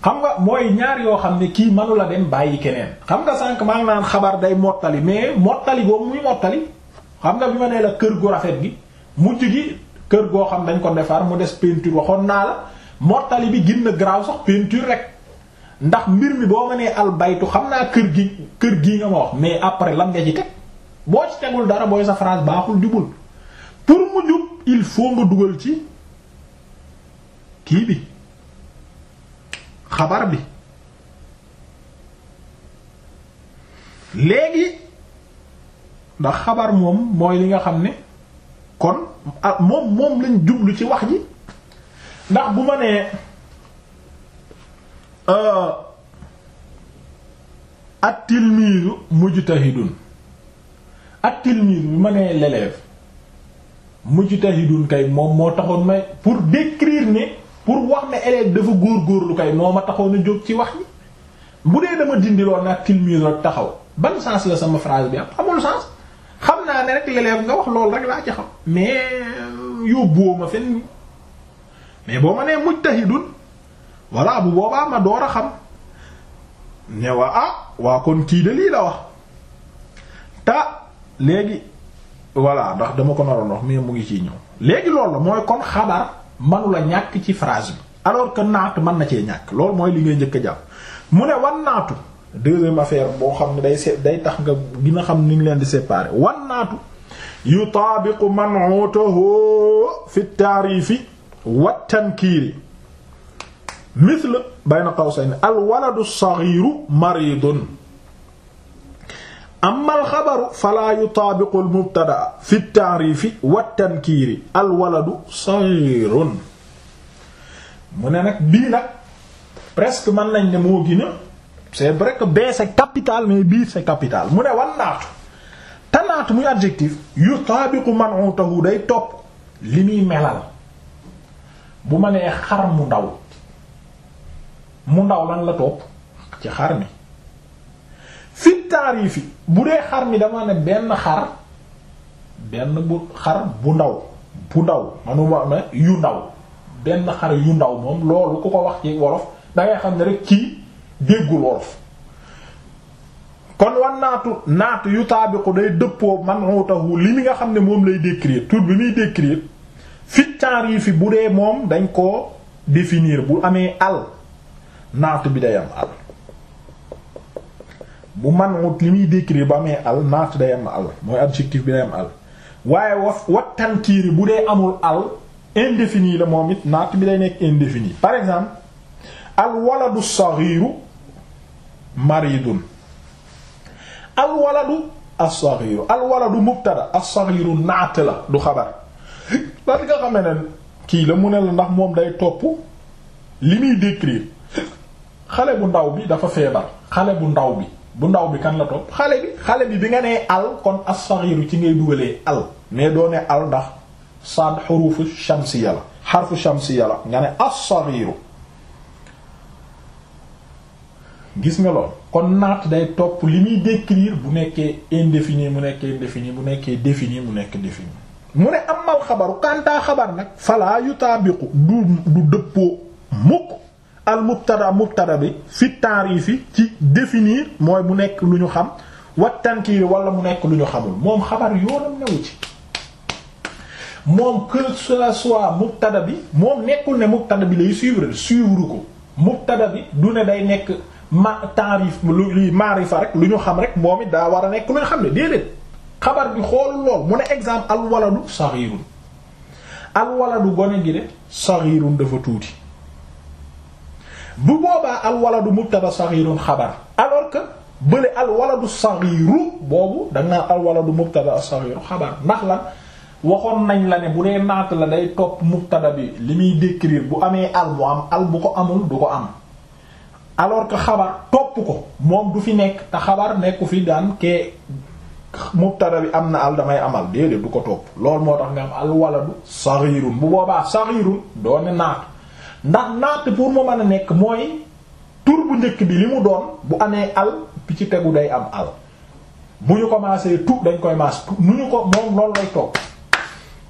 xam nga mooy ñaar yoo xam ne kii mënula dem bàyyi keneen xam nga sànq maa ngi naan xabar day mottali mais mottali boobu muy mottali xam nga bi ma nee la kër gu rafet gi mujj gi kër goo xam dañ ko defar mu des peinture waxoon naa la mottali bi gën na sax peinture rek ndax mbir mi boo ma nee albaytu xam naa kër gi kër gii nga ma wax mais après lan nga ci teg boo ci tegul dara booy sa phrase baaxul jubul pour mu jub il faut nga dugal ci kii bi xabar bi léegi ndax xabar moom mooy li nga xam ne kon ah, moom moom lañ jublu ci wax ji ndax bu ma nee Euh, at-tilmiizu mujtahidun at-tilmiiz bi ma nee l'élève mujtahidun kay moom moo taxoon may pour décrire ne pour wax ne élève dafa góorgóorlu kay moo ma taxoon a jóg ci wax yi bu dee dama dindi lool na at-tilmiiz taxaw bal sens la sama phrase bi am amul sens xam naa ne rek l'élève nga wax loolu rek laa ci xam mais euh, yóbbuwoo ma fenn mais boo ma nee mujtahidun voilà bu boobaa ma door a xam ne waa ah waa kon kii de lii la wax ta léegi voilà ndax dama ko naroon wax mais mu ngi ciy ñëw léegi loolu la mooy kon xabaar manula ñàkk ci phrase bi alors que naatu mën na cee ñàkk loolu mooy li ngay njëkk a jàpp mu ne wan naatu deuxième affaire boo xam ne day seet day tax nga gën a xam ni ngi leen di séparer wan naatu yutaabiqu man'utahu fi taarifi wa tankiiri mithla bayna qawsayn al waladu saghiru maridun amma al xabaru fala yutaabiqu al mubtada fi at ta'rifi wa at tankiiri al waladu saghirun mu ne nag bii nag presque mën nañ ne moo gën a c'est vrai que bee c'est capital mais bii c'est capital mu ne wan naatu te naatu muy adjectif yutaabiqu man'utahu day topp li muy melal bu ma nee xar mu ndaw mu ndaw lan la topp ci xar mi fit taarifi bu dee xar mi dama ne benn xar benn bu xar bu ndaw bu ndaw manuma ne yu ndaw benn xar yu ndaw moom loolu ku ko wax ci wolof dangay xam ne rek ci déggul wolof kon wan naatu naatu yu taabiqu day dëppoo man wutahu li mi nga xam ne moom lay décrire tur bi muy décrire fit taarifi bu dee moom dañ koo définir bu amee al naat bi day am al bu manut li muy décrire ba amee al naat day am al mooy adjectif bi day am al waaye waf wat tankiiri bu dee amul al indéfini la moom it naat bi day nekk indéfini par exemple al waladu saghiru maridun al waladu as-saghiru al waladu mubtada as-saghiru naat la du xabar lan nga xamee ne kii la mu ne la ndax moom day topp li muy décrire xale bu ndaw bi dafa feebar xale bu ndaw bi bu ndaw bi kan la topp xale bi xale bi bi nga nee al kon as-saghir ci ngay dugalee al mais doo ne al ndax saad xurufu shamsiya la xarfu shamsiya la nga ne as gis nga lool kon naat day topp li muy décrire bu nekkee indéfini mu nekkee indéfini bu nekkee défini mu nekk défini mu ne amal xabaru kantaa xabar nag falaa yutaabiqu du du dëppoo mukk al mubtada mubtada bi fi yi ci définir mooy mu nekk lu ñu xam wat tankiir wala mu nekk lu ñu xamul moom xabar yoonam newu ci moom que ce mubtada bi moom nekkul ne mubtada bi lay suivre suivre ko mubtada bi du ne day nekk ma taarif lu li maarifa rek lu ñu xam rek moom it daa war a nekk lu ñu xam ne déedéet xabar bi xoolul lool mu ne exemple al waladu saghirun al waladu gone gi de saghirun dafa tuuti bu boobaa alwaladu mubtada saghirun xabar alors que bële alwaladu saghiru boobu da nga naan alwaladu mubtada saghiru xabar ndax la waxoon nañ la ne bu dee naat la day topp mubtada bi li muy décrire bu amee al bu am al bu ko amul du ko am alors que xabar topp ko moom du fi nekk te xabar nekku fi daan kee mubtada bi am na al damay amal déedéet du ko topp loolu moo tax nga am alwaladu saghirun bu boobaa saghirun doone naat ndax naat pour mu mën a nekk mooy tur bu njëkk bi li mu doon bu amee al bi ci tegu day am al bu ñu commencé tu dañ koy maas tu nu ñu ko moom loolu lay toog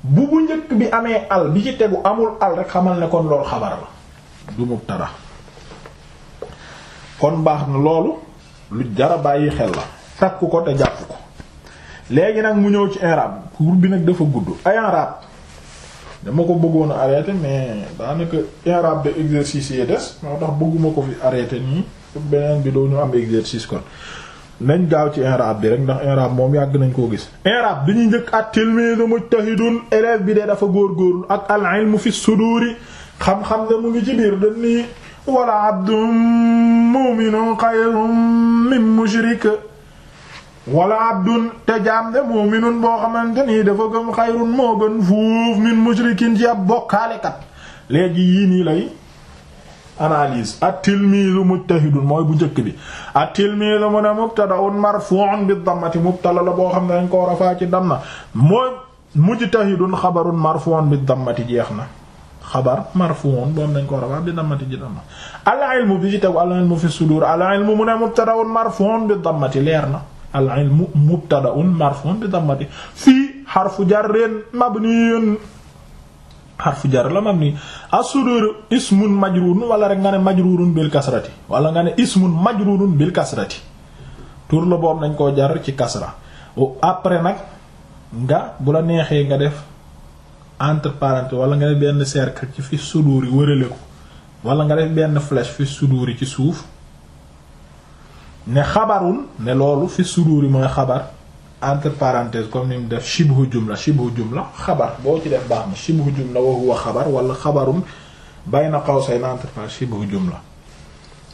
bu bu njëkk bi amee al bi ci tegu amul al rek xamal ne kon loolu xabar la du mubtada kon baax na loolu lu jara bàyyi xel la takku ko te jàpp ko léegi nag mu ñëw ci i'rab pour bi nag dafa gudd ay i'rab dama ko bëggoon a arrêté mais daanaka i'rab de exercice yi des moo tax bëgguma ko fi arrêté nii beneen bi doo ñu am exercice kon nañ gaaw ci i'rab bi rek ndax i'rab moom yàgg nañ koo gis i'rab bi ñu njëkk at tilmidu mujtahidun élève bi de dafa góor ak al ilmu fi suduri xam-xam ne mu ngi ci biir dañ nii wala abdum mu'minun xayrun min mushrik wala abdun te jaam de mu'minun boo xamante nii dafa gëm xayrun moo gën fuuf min mushrikin ci ab bokkaalekat léegi yii nii lay analyse at-tilmiizu mooy bu njëkk bi at-tilmiizu mu ne bi dammati dañ ko a faa ci dam na mooy mujtahidun xabarun marfu'un bi dammati jeex na xabar marfuun boobu nañ ko war a baax bi dammati al ilmu bi ci tegu al ilmu fi sudur al ilmu mu ne mubtadaun bi dammati leer na al ilmu mubtadaun marfuun bi dammati fii xarfu jarrin mabniyun xarfu jar la mabni as-sudur ismun majrurun wala rek nga ne majrurun bil kasrati wala nga ne ismun majrurun bil kasrati tur la boobu nañ koo jar ci kasra après nag nga bu la neexee nga def entre parenthèses wala nga def benn cercle ci fi suduur yi wërale ko wala nga def benn flèche fi suduur ci suuf ne xabarun ne loolu fi suduuri mooy xabar entre parenthèse comme ni mu def shibhu jumla shibhu jumla xabar boo ci def baax na shibhu jumla wa huwa xabar wala xabarun bayna qawsayn entre parenthèses shibhu jumla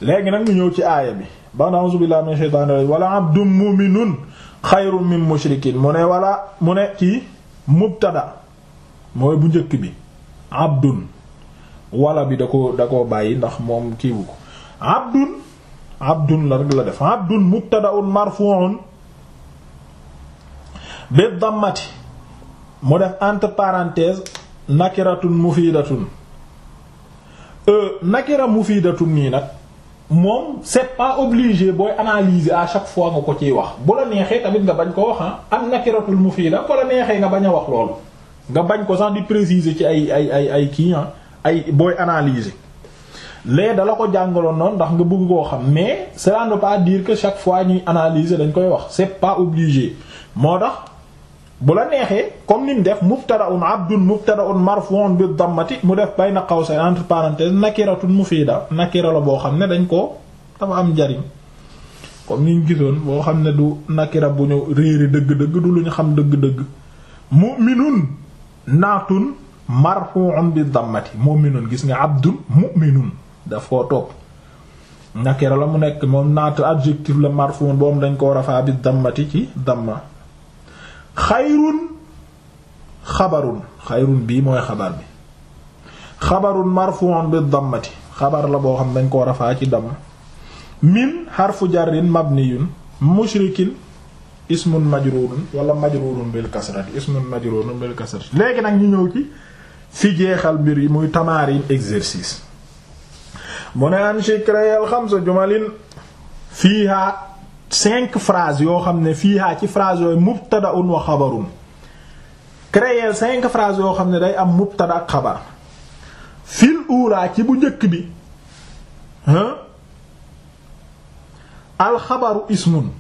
léegi nag mu ñëw ci aaya bi ban a'uuzu billahi minash shaytaanir rajiim wala abdun mu'minun xayrun min mushrikin mu ne wala mu ne ci mubtada mooy bu njëkk bi abdun wala bi da ko da ko bàyyi ndax moom kiiwu ko abdun abdun la rek la def abdun mubtada'un marfu'un bi dammati mu def entre parenthèse nakiratun mufidatun euh, nakira mufidatun nii nag moom c'est pas obligé booy analyser à chaque fois nga ko ciy wax bu la neexee tamit nga bañ ko wax ah. am nakiratul mufida bu la neexee nga bañ a wax loolu nga bañ ko sax di préciser ci ay ay ay ay kii ah. ay booy analyser lee dala ko jàngaloon noonu ndax nga bëgg koo xam mais cela ne veut pas dire que chaque fois ñuy analyser dañ koy wax c'est pas obligé moo tax bu la neexee comme ni mu def mubtadaun abdun mubtadaun marfuun bi dammati mu def bayna qawsayn entre parenthèses nakiratun mufiida nakira la boo xam ne dañ ko dafa am njariñ comme ni gisoon boo xam ne du nakira bu ñu réeri dëgg-dëgg du xam dëgg-dëgg mu'minun naatun marfuun bi dammati mu'minun gis nga abdun mu'minun daf koo topp nakira la mu nekk moom naat adjectif la marfuun boobu dañ koo rafaa bi dammati ci damma xayrun xabarun xayrun bii mooy xabar bi xabarun marfuun bi dammati xabar la boo xam dañ koo rafaa ci damm min xarfu jarrin mabniyun mushrikin ismun majrurun wala majrurun bil kasrati ismun majrurun bil kasrati léegi nag ñu ñëw ci fi jeexal mbir yi muy tamarin exercice mu ne an shikrayal xamsa jumalin fiiha cinq frase yoo xam ne fiiha ci phrase yooyu mubtadaun wa xabarun créer cinq phrases yoo xam ne day am mubtada ak xabar fil ula ci bu njëkk bi alxabaru ismun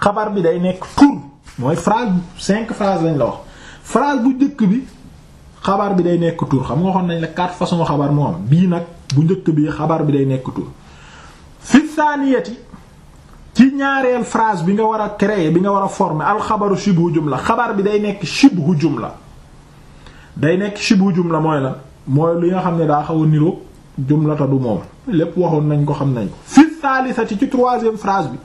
xabar bi day nekk tur mooy phrase cinq phrases lañ la wax phrase bu njëkk bi xabar bi day nekk tur xam nga waxoon ne la quatre façons moo am bii nag bu njëkk bi xabaar bi day nekk tur fi thaniyati ci ñaareel phrase bi nga war a créer bi nga war a xabaru alxabaru shibhu jumla xabaar bi day nekk shibhu jumla day nekk shibhu jumla mooy la mooy li nga xam ne daa xaw niro niroog jumlata du moom lépp waxoon nañ ko xam nañ ko fi thalithati ci troisième phrase bi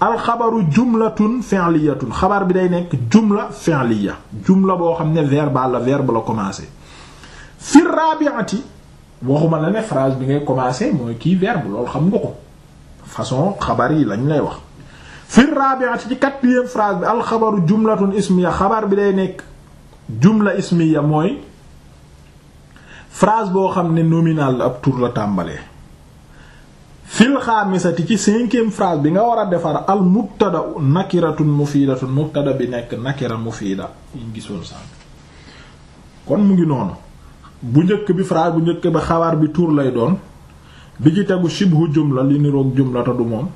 alxabaru jumlatun fi'liyatun xabaar bi day nekk jumla fi'liya jumla boo xam ne verbal la verbe la commencer fi rabi'ati waxuma la ne phrase bi ngay commencer mooy kii verbe loolu xam nga ko façon xabar yi lañ lay wax fi rabi'ati ci quatrième phrase bi alxabaru jumlatun ismiya xabar bi day nekk jumla ismiya mooy frase boo xam ne nominal la ab tur la tàmbalee fil xaamisati ci cinquième phrase bi nga war a defar al mubtada nakiratun mufidatun mubtada bi nekk nakira mufida yiñ gisoon sànq kon mu ngi noonu bu njëkk bi phrase bu njëkk bi xabaar bi tuur lay doon bi ci tegu shibhu jumla li niroog jumla te du moom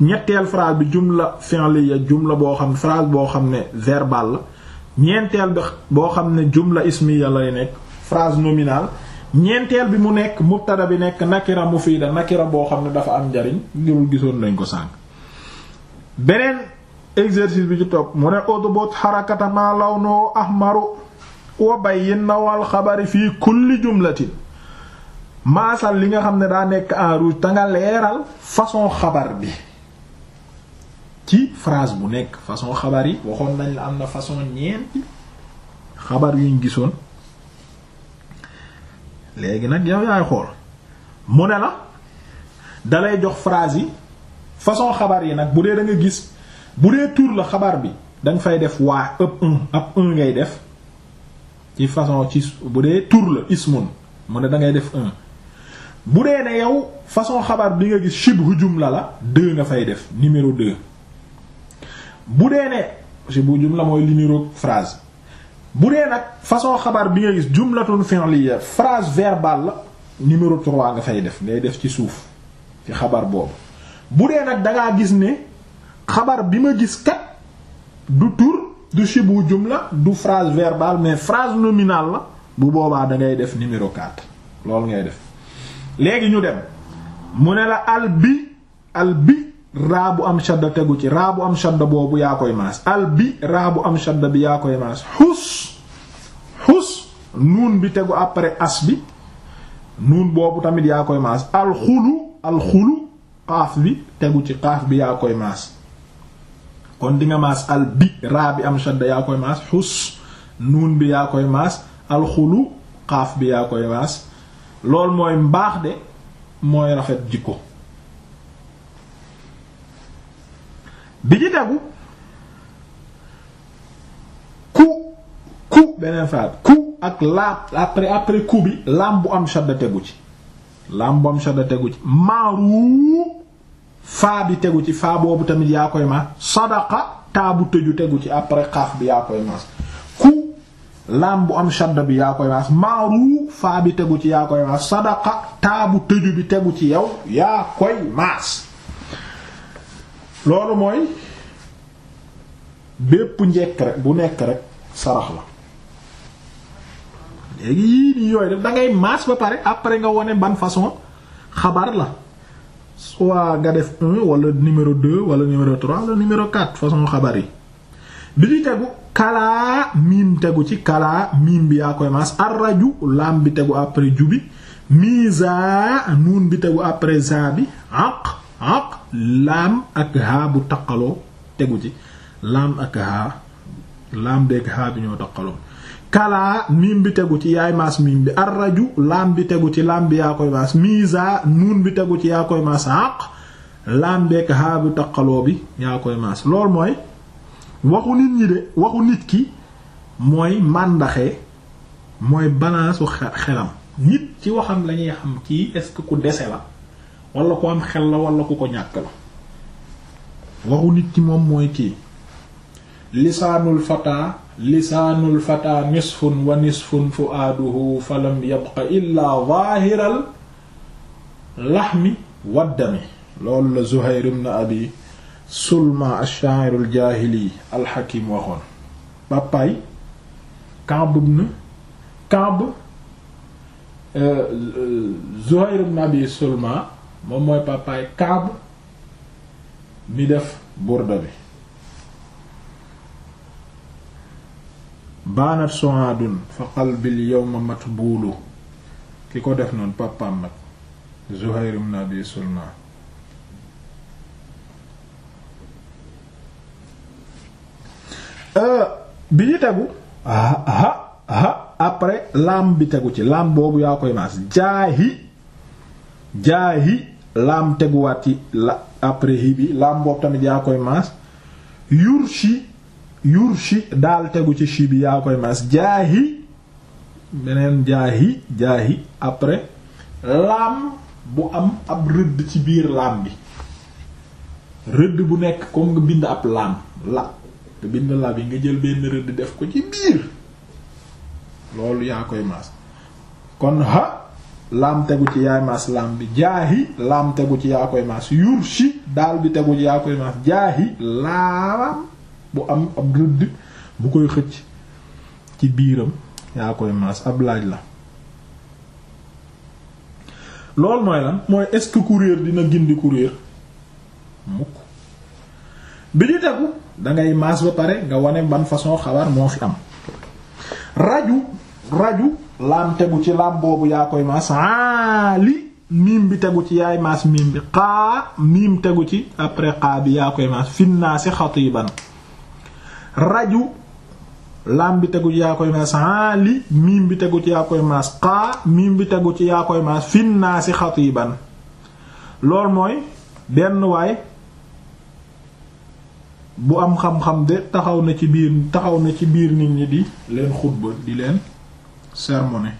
ñetteel phrase bi jumla fi'liya jumla boo xam phrase boo xam ne verbal la ñeenteel bi boo xam ne jumla ismiya lay nekk phrase nominale ñeenteel bi mu nekk mubtada bi nekk nakira mufida nakira boo xam ne dafa am njariñ ngirul gisoon nañ ko sànq beneen exercice bi ci topp mu ne udbut harakata ma lawnoo ahmaru wa bayyin nawal yi fii kulli jumlatin maasal li nga xam ne daa nekk en rouge te nga leeral façon xabar bi ci phrase bu nekk façon xabar yi waxoon nañ la am na façon ñeenti xabar yuñ gisoon léegi nag yow yaay xool mu ne la dalay jox phrase yi façon xabar yi nag bu dee da nga gis bu dee tur la xabar bi danga fay def waa ab un ab un ngay def ci façon ci bu dee tur la ismun mu ne da ngay def un bu dee ne yow façon xabar bi nga gis shibhu jumla la deux nga fay def numéro deux bu dee ne shibhu jumla mooy numéro frase bu dee nag façon xabar bi nga gis jumlatun fi'liya phrase verbale la numéro trois nga fay def ngay def ci suuf ci xabar boobu bu dee nag dangaa gis ne xabar bi ma gis kat du tur du shibu jumla du phrase verbale mais phrase nominale la bu boobaa da def numéro 4 loolu ngay def léegi ñu dem mu ne la al bi al bi raa bu am shadda tegu ci raa bu am shadda boobu yaa koy maas al bi raa bu am shadda bi yaa koy maas xus xus nuun bi tegu après as bi nuun boobu tamit yaa koy maas al xulu al xulu xaaf bi tegu ci xaaf bi yaa koy maas kon dinga nga maas al bi raa bi am shadda yaa koy maas xus nuun bi yaa koy maas alxulu xaaf bi yaa koy maas loolu mooy mbaax de mooy rafet jikko bi ci tegu ku ku beneen phrase ku ak la après après ku bi lam bu am shadda tegu ci lam bu am shadda tegu ci maaru faa bi tegu ci faa boobu tamit yaa koy maas sadaqa taa tëju tegu ci après xaaf bi yaa koy maas ku laam bu am shadda bi yaa koy maas maaru faa bi tegu ci yaa koy maas sadaqa taa tëju bi tegu ci yow yaa koy maas loolu mooy bépp njekk rek bu nekk rek sarax la léegi yii nii yooyu def da maas ba pare après nga wone ban façon xabar la soit nga def un wala numéro deux wala numéro trois wala numéro quatre façon xabar yi bi ci tegu kalaa miim tegu ci kalaa miim bi yaa koy maas arraju laam bi tegu après ju bi miza nuun bi tegu après za bi aq aq laam ak haa bu taqaloo tegu ci laam ak haa laam beeg haa bi ñoo taqaloo kalaa miim bi tegu ci yaay maas miim bi arraju laam bi tegu ci laam bi yaa koy maas miisa nuun bi tegu ci yaa koy maas àq laam beek haa bu taqaloo bi yaa koy maas loolu mooy waxu nit ñi de waxu nit ki mooy màndaxe mooy balance xelam nit ci waxam lañuy xam kii est ku dese la wala ku am xel la wala ku ko ñàkk la waxu nit ki moom mooy kii lisaanul fataa lisaanul fata nisfun wa nisfun fuaaduhu fa lam yabqa illaa zaahiral laxmi waddami loolu la Zuhayr ibn Abi Sulma ash-sha'ir al-jaahili al-hakim waxoon bàppaay Ka'b ibn Ka'b euh, Zuhayr ibn Abi Sulma moom mooy bàppaay Ka'b mi def burda bi baanat soadun fa qalbil yawma matbuulu ki ko def noonu papaam nag Zuhayr ibn Abi Sulma euh, bi ñu tegu ha ha ha après laam bi tegu ci laam boobu yaa koy maas jaahi jaahi laam teguwaat ci la après hi bi laam boobu tamit yaa koy maas yurshi yurshi daal tegu ci chi bi yaa koy maas jaahi beneen jaahi jaahi après laam bu am ab rëdd ci biir laam bi rëdd bu nekk comme nga bind ab laam la nga bind laam yi nga jël benn rëdd def ko ci biir loolu yaa koy maas kon ha laam tegu ci yaay maas laam bi jaahi laam tegu ci yaa koy maas yurshi daal bi tegu ci yaa koy maas jaahi laam bu am ab rëdd bu koy xëcc ci biiram yaa koy maas ab laaj la loolu mooy lan mooy est-ce que coureur dina gindi coureur mukk bi ñu tegu dangay maas ba pare nga wane ban façon xabaar moo fi am raju raju laam tegu ci laam boobu yaa koy maas ali miim bi tegu ci yaay maas miim bi xaa miim tegu ci après xaa bi yaa koy maas finnaasi xatiban raju lam bi tegu ci yaa koy maas aali miim bi tegu ci yaa koy maas xaa miim bi tegu ci yaa koy maas fin naa si xatiban lool mooy benn waay bu am xam-xam de taxaw na ci biir taxaw na ci biir nit ñi di leen xutba di leen sermoné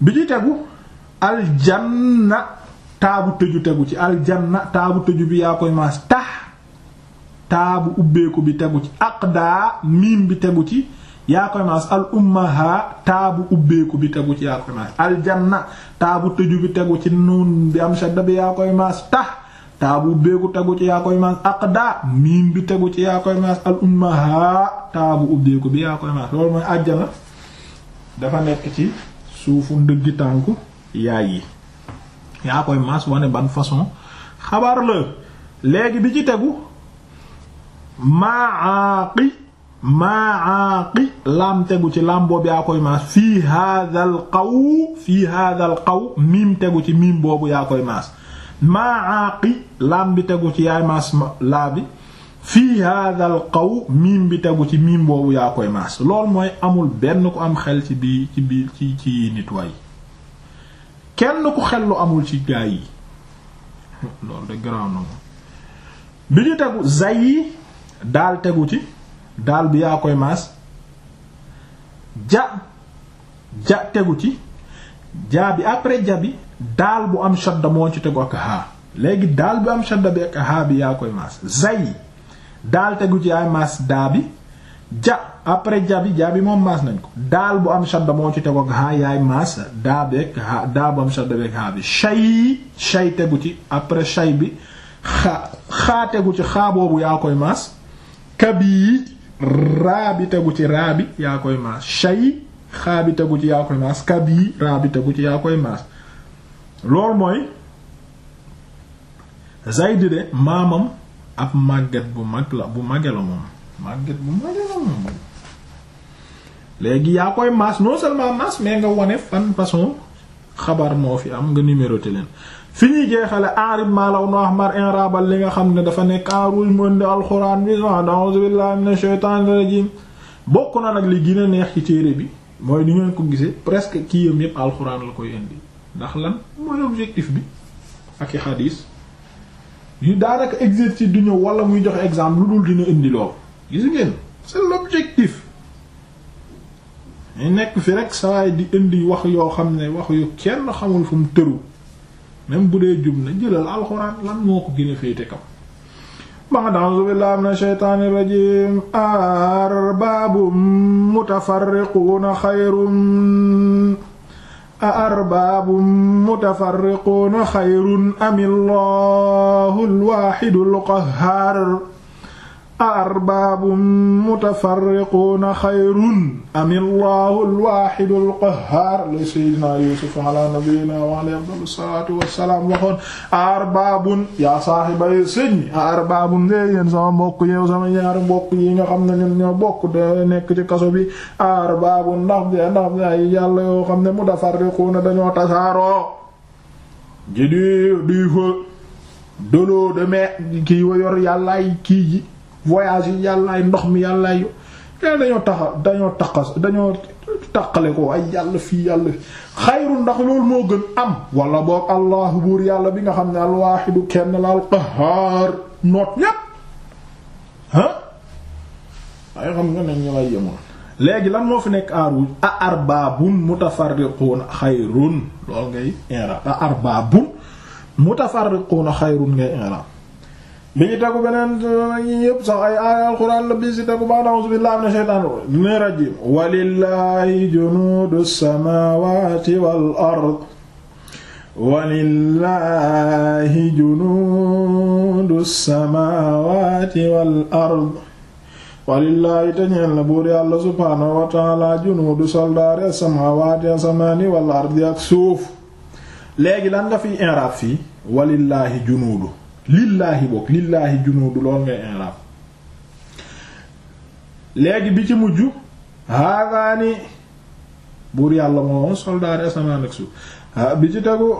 bi ci tegu aljanna taabu tëju tegu ci aljanna taabu tëju bi yaa koy maas tax taabu ubbeeku bi tegu ci aqdaa miim bi tegu ci yaa koy maas al ummaha taabu ubbeeku bi tegu ci yaa koy maas aljanna taabu tëju bi tegu ci nuun am shadda taabu ubbeeku tegu ci yaa koy maas miim bi tegu ci yaa koy maas al ummaha taabu ubbeeku bi yaa koy maas loolu mooy àjjana dafa nekk ci suufu ndëggi tànku yaay yi yaa koy maas wane ban façon xabaar la léegi bi ci tegu maaqi maaqi laam tegu ci laam boobu yaa koy maas fii haadal qaw fii haadal qaw miim tegu ci miim boobu yaa koy maas maaqi bi tegu ci yaay fii haadal qaw miim bi tegu ci miim boobu yaa mooy amul benn ku am xel ci bii ci bii ci ci nit waay kenn ku xel lu amul ci gaa yi loolu de garaaw na moom bi ñu tegu zayi daal tegu ci daal bi yaa koy maas ja ja tegu ci jaa bi après ja bi daal bu am shadda moo ci tegu ak haa léegi daal bu am shadda bi ak ci yaay maas daa ja après ja bi bi moom maas nañ ko daal bu am shadda moo ci tegu ak haa yaay maas daa bi ak haa daa bu am shadda bi ak haa bi shay shay tegu ci après shay bi xaa xaa tegu ci xaa boobu yaa koy maas kabi raa bi tegu ci raa bi yaa koy maas shay xaa ci yaa koy maas kabi raa bi ci yaa koy maas loolu mooy Zayd de maamam ab màgget bu mag la bu mage moom màgget bu mage la moom léegi yaa koy maas non seulement maas mais nga wone fan façon xabar moo fi am nga numéroté leen fi ñuy jeexale aarib maalaw nu ahmar inrabal li nga xam ne dafa nekk en rouge monde alxuraan bi a'uuzu billahi minash shaytaanir rajiim bokk na nag li gën neex ci téere bi mooy ni ngeen ko gisee presque kii yam yépp alxuraan la koy indi ndax lan mooy objectif bi ak i xadiis yu daanaka exercice du ñëw wala muy jox exemple lu dul dina indi lool gis ngeen c'est l'objectif ñu nekk fi rek sawaay di indi wax yoo xam ne wax yu kenn xamul fu mu tëru même bu dee jub na jëlal alxuraan lan moo ko gën a féete kaw ba'd a'uuzu billahi mina shaytaani rajiim arbaabun mutafarriquuna xayrun a arbaabun mutafarriquuna xayrun amillaahu alwaahidu alqahhaar a arbaabun mutafarriquuna xayrun am illaahu alwaaxidu alqahhaar la seydina yuusuf ala nabiyina wa alayhi afdalu salaatu wassalaam waxoon a arbaabun yaa sëñ a arbaabun dee yéen sama mbokk yow mbokk yi nga xam ne ñun ñoo bokk de nekk ci kaso bi a arbaabun ndax de ndax de ay yàlla yoo xam ne mutafarriquuna dañoo tasaaroo ji di di fa dolo de kii wa yor yàllaay kii ji voyage yi ay ndox mi yàllaay yu leen dañoo taxa dañoo taxas dañoo taqale ko ay yàlla fii yàlla xayru ndax loolu moo gën am wala boog allahu buur yàlla bi nga xam ne alwaaxidu kenn la alqahaar noot ñépp ah ay xam nga ne ñu lay yemoon léegi lan moo fi nekk aaruj a arbaabun mutafarriquuna xayrun loolu ngay inra a arbaabun mutafarriquuna xayrun ngay inra bi ñu tegu beneen yi yëpp sax ay aaya alxuraan bi si tegu baax a'uuzu billaahi mina shaytaani mina rajiim walillaahi junuudu samaawaati wal walillaahi junuudu samaawaati wal ard walillaahi te wa junuudu soldaari as-samaawaati asamaani wal ardi ak suuf léegi walillaahi junuudu lillaahi boog lillaahi junuudu lool ngay inraab léegi bi ci mujj haadaani buur yàlla moomoom soldaari asamaan bi ci tegu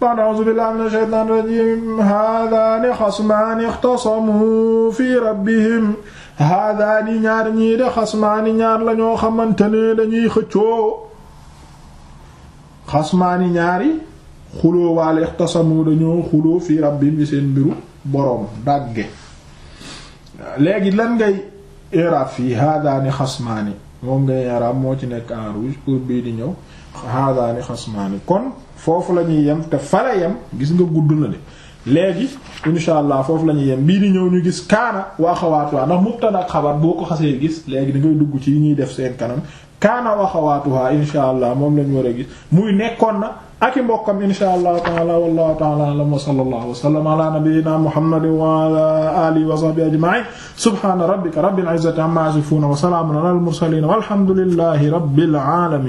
ba'd a'uuzu billaahi mina rajiim haadaani xasmaani ixtasamu fi rabbihim haadaani ñaar ñii de xasmaani ñaar la ñoo xamante ne dañuy xëccoo xasmaani ñaari xuloo waale ixtasamu dañoo xuloo fii rabbim yi seen mbiru boroom dàgge léegi lan ngay i'rab fii haadaani xasmaani moom ngay i'rab moo ci nekk en rouge pour bii di ñëw haadaani xasmaani kon foofu la ñuy yem te fara yem gis nga gudd na de insha allah foofu la ñuy yem bii di ñëw ñu gis kaana wa axawaatuha ndax mubtada ak xabar boo ko xasee gis léegi da dugg ci yi ñuy def seen kanam kaana wa axawaatuha insha allah moom lañu war a gis muy nekkoon na ak i mbokkam insha allahu taala wallahu taala alam wa sallallahu wa sallam ala nabiyyina muhammadin wa ala alihi wa sahbihi ajma'in subhana rabbika rabbil izzati amma yasifun wa salamun ala al mursalin walhamdulillahi rabbil alamin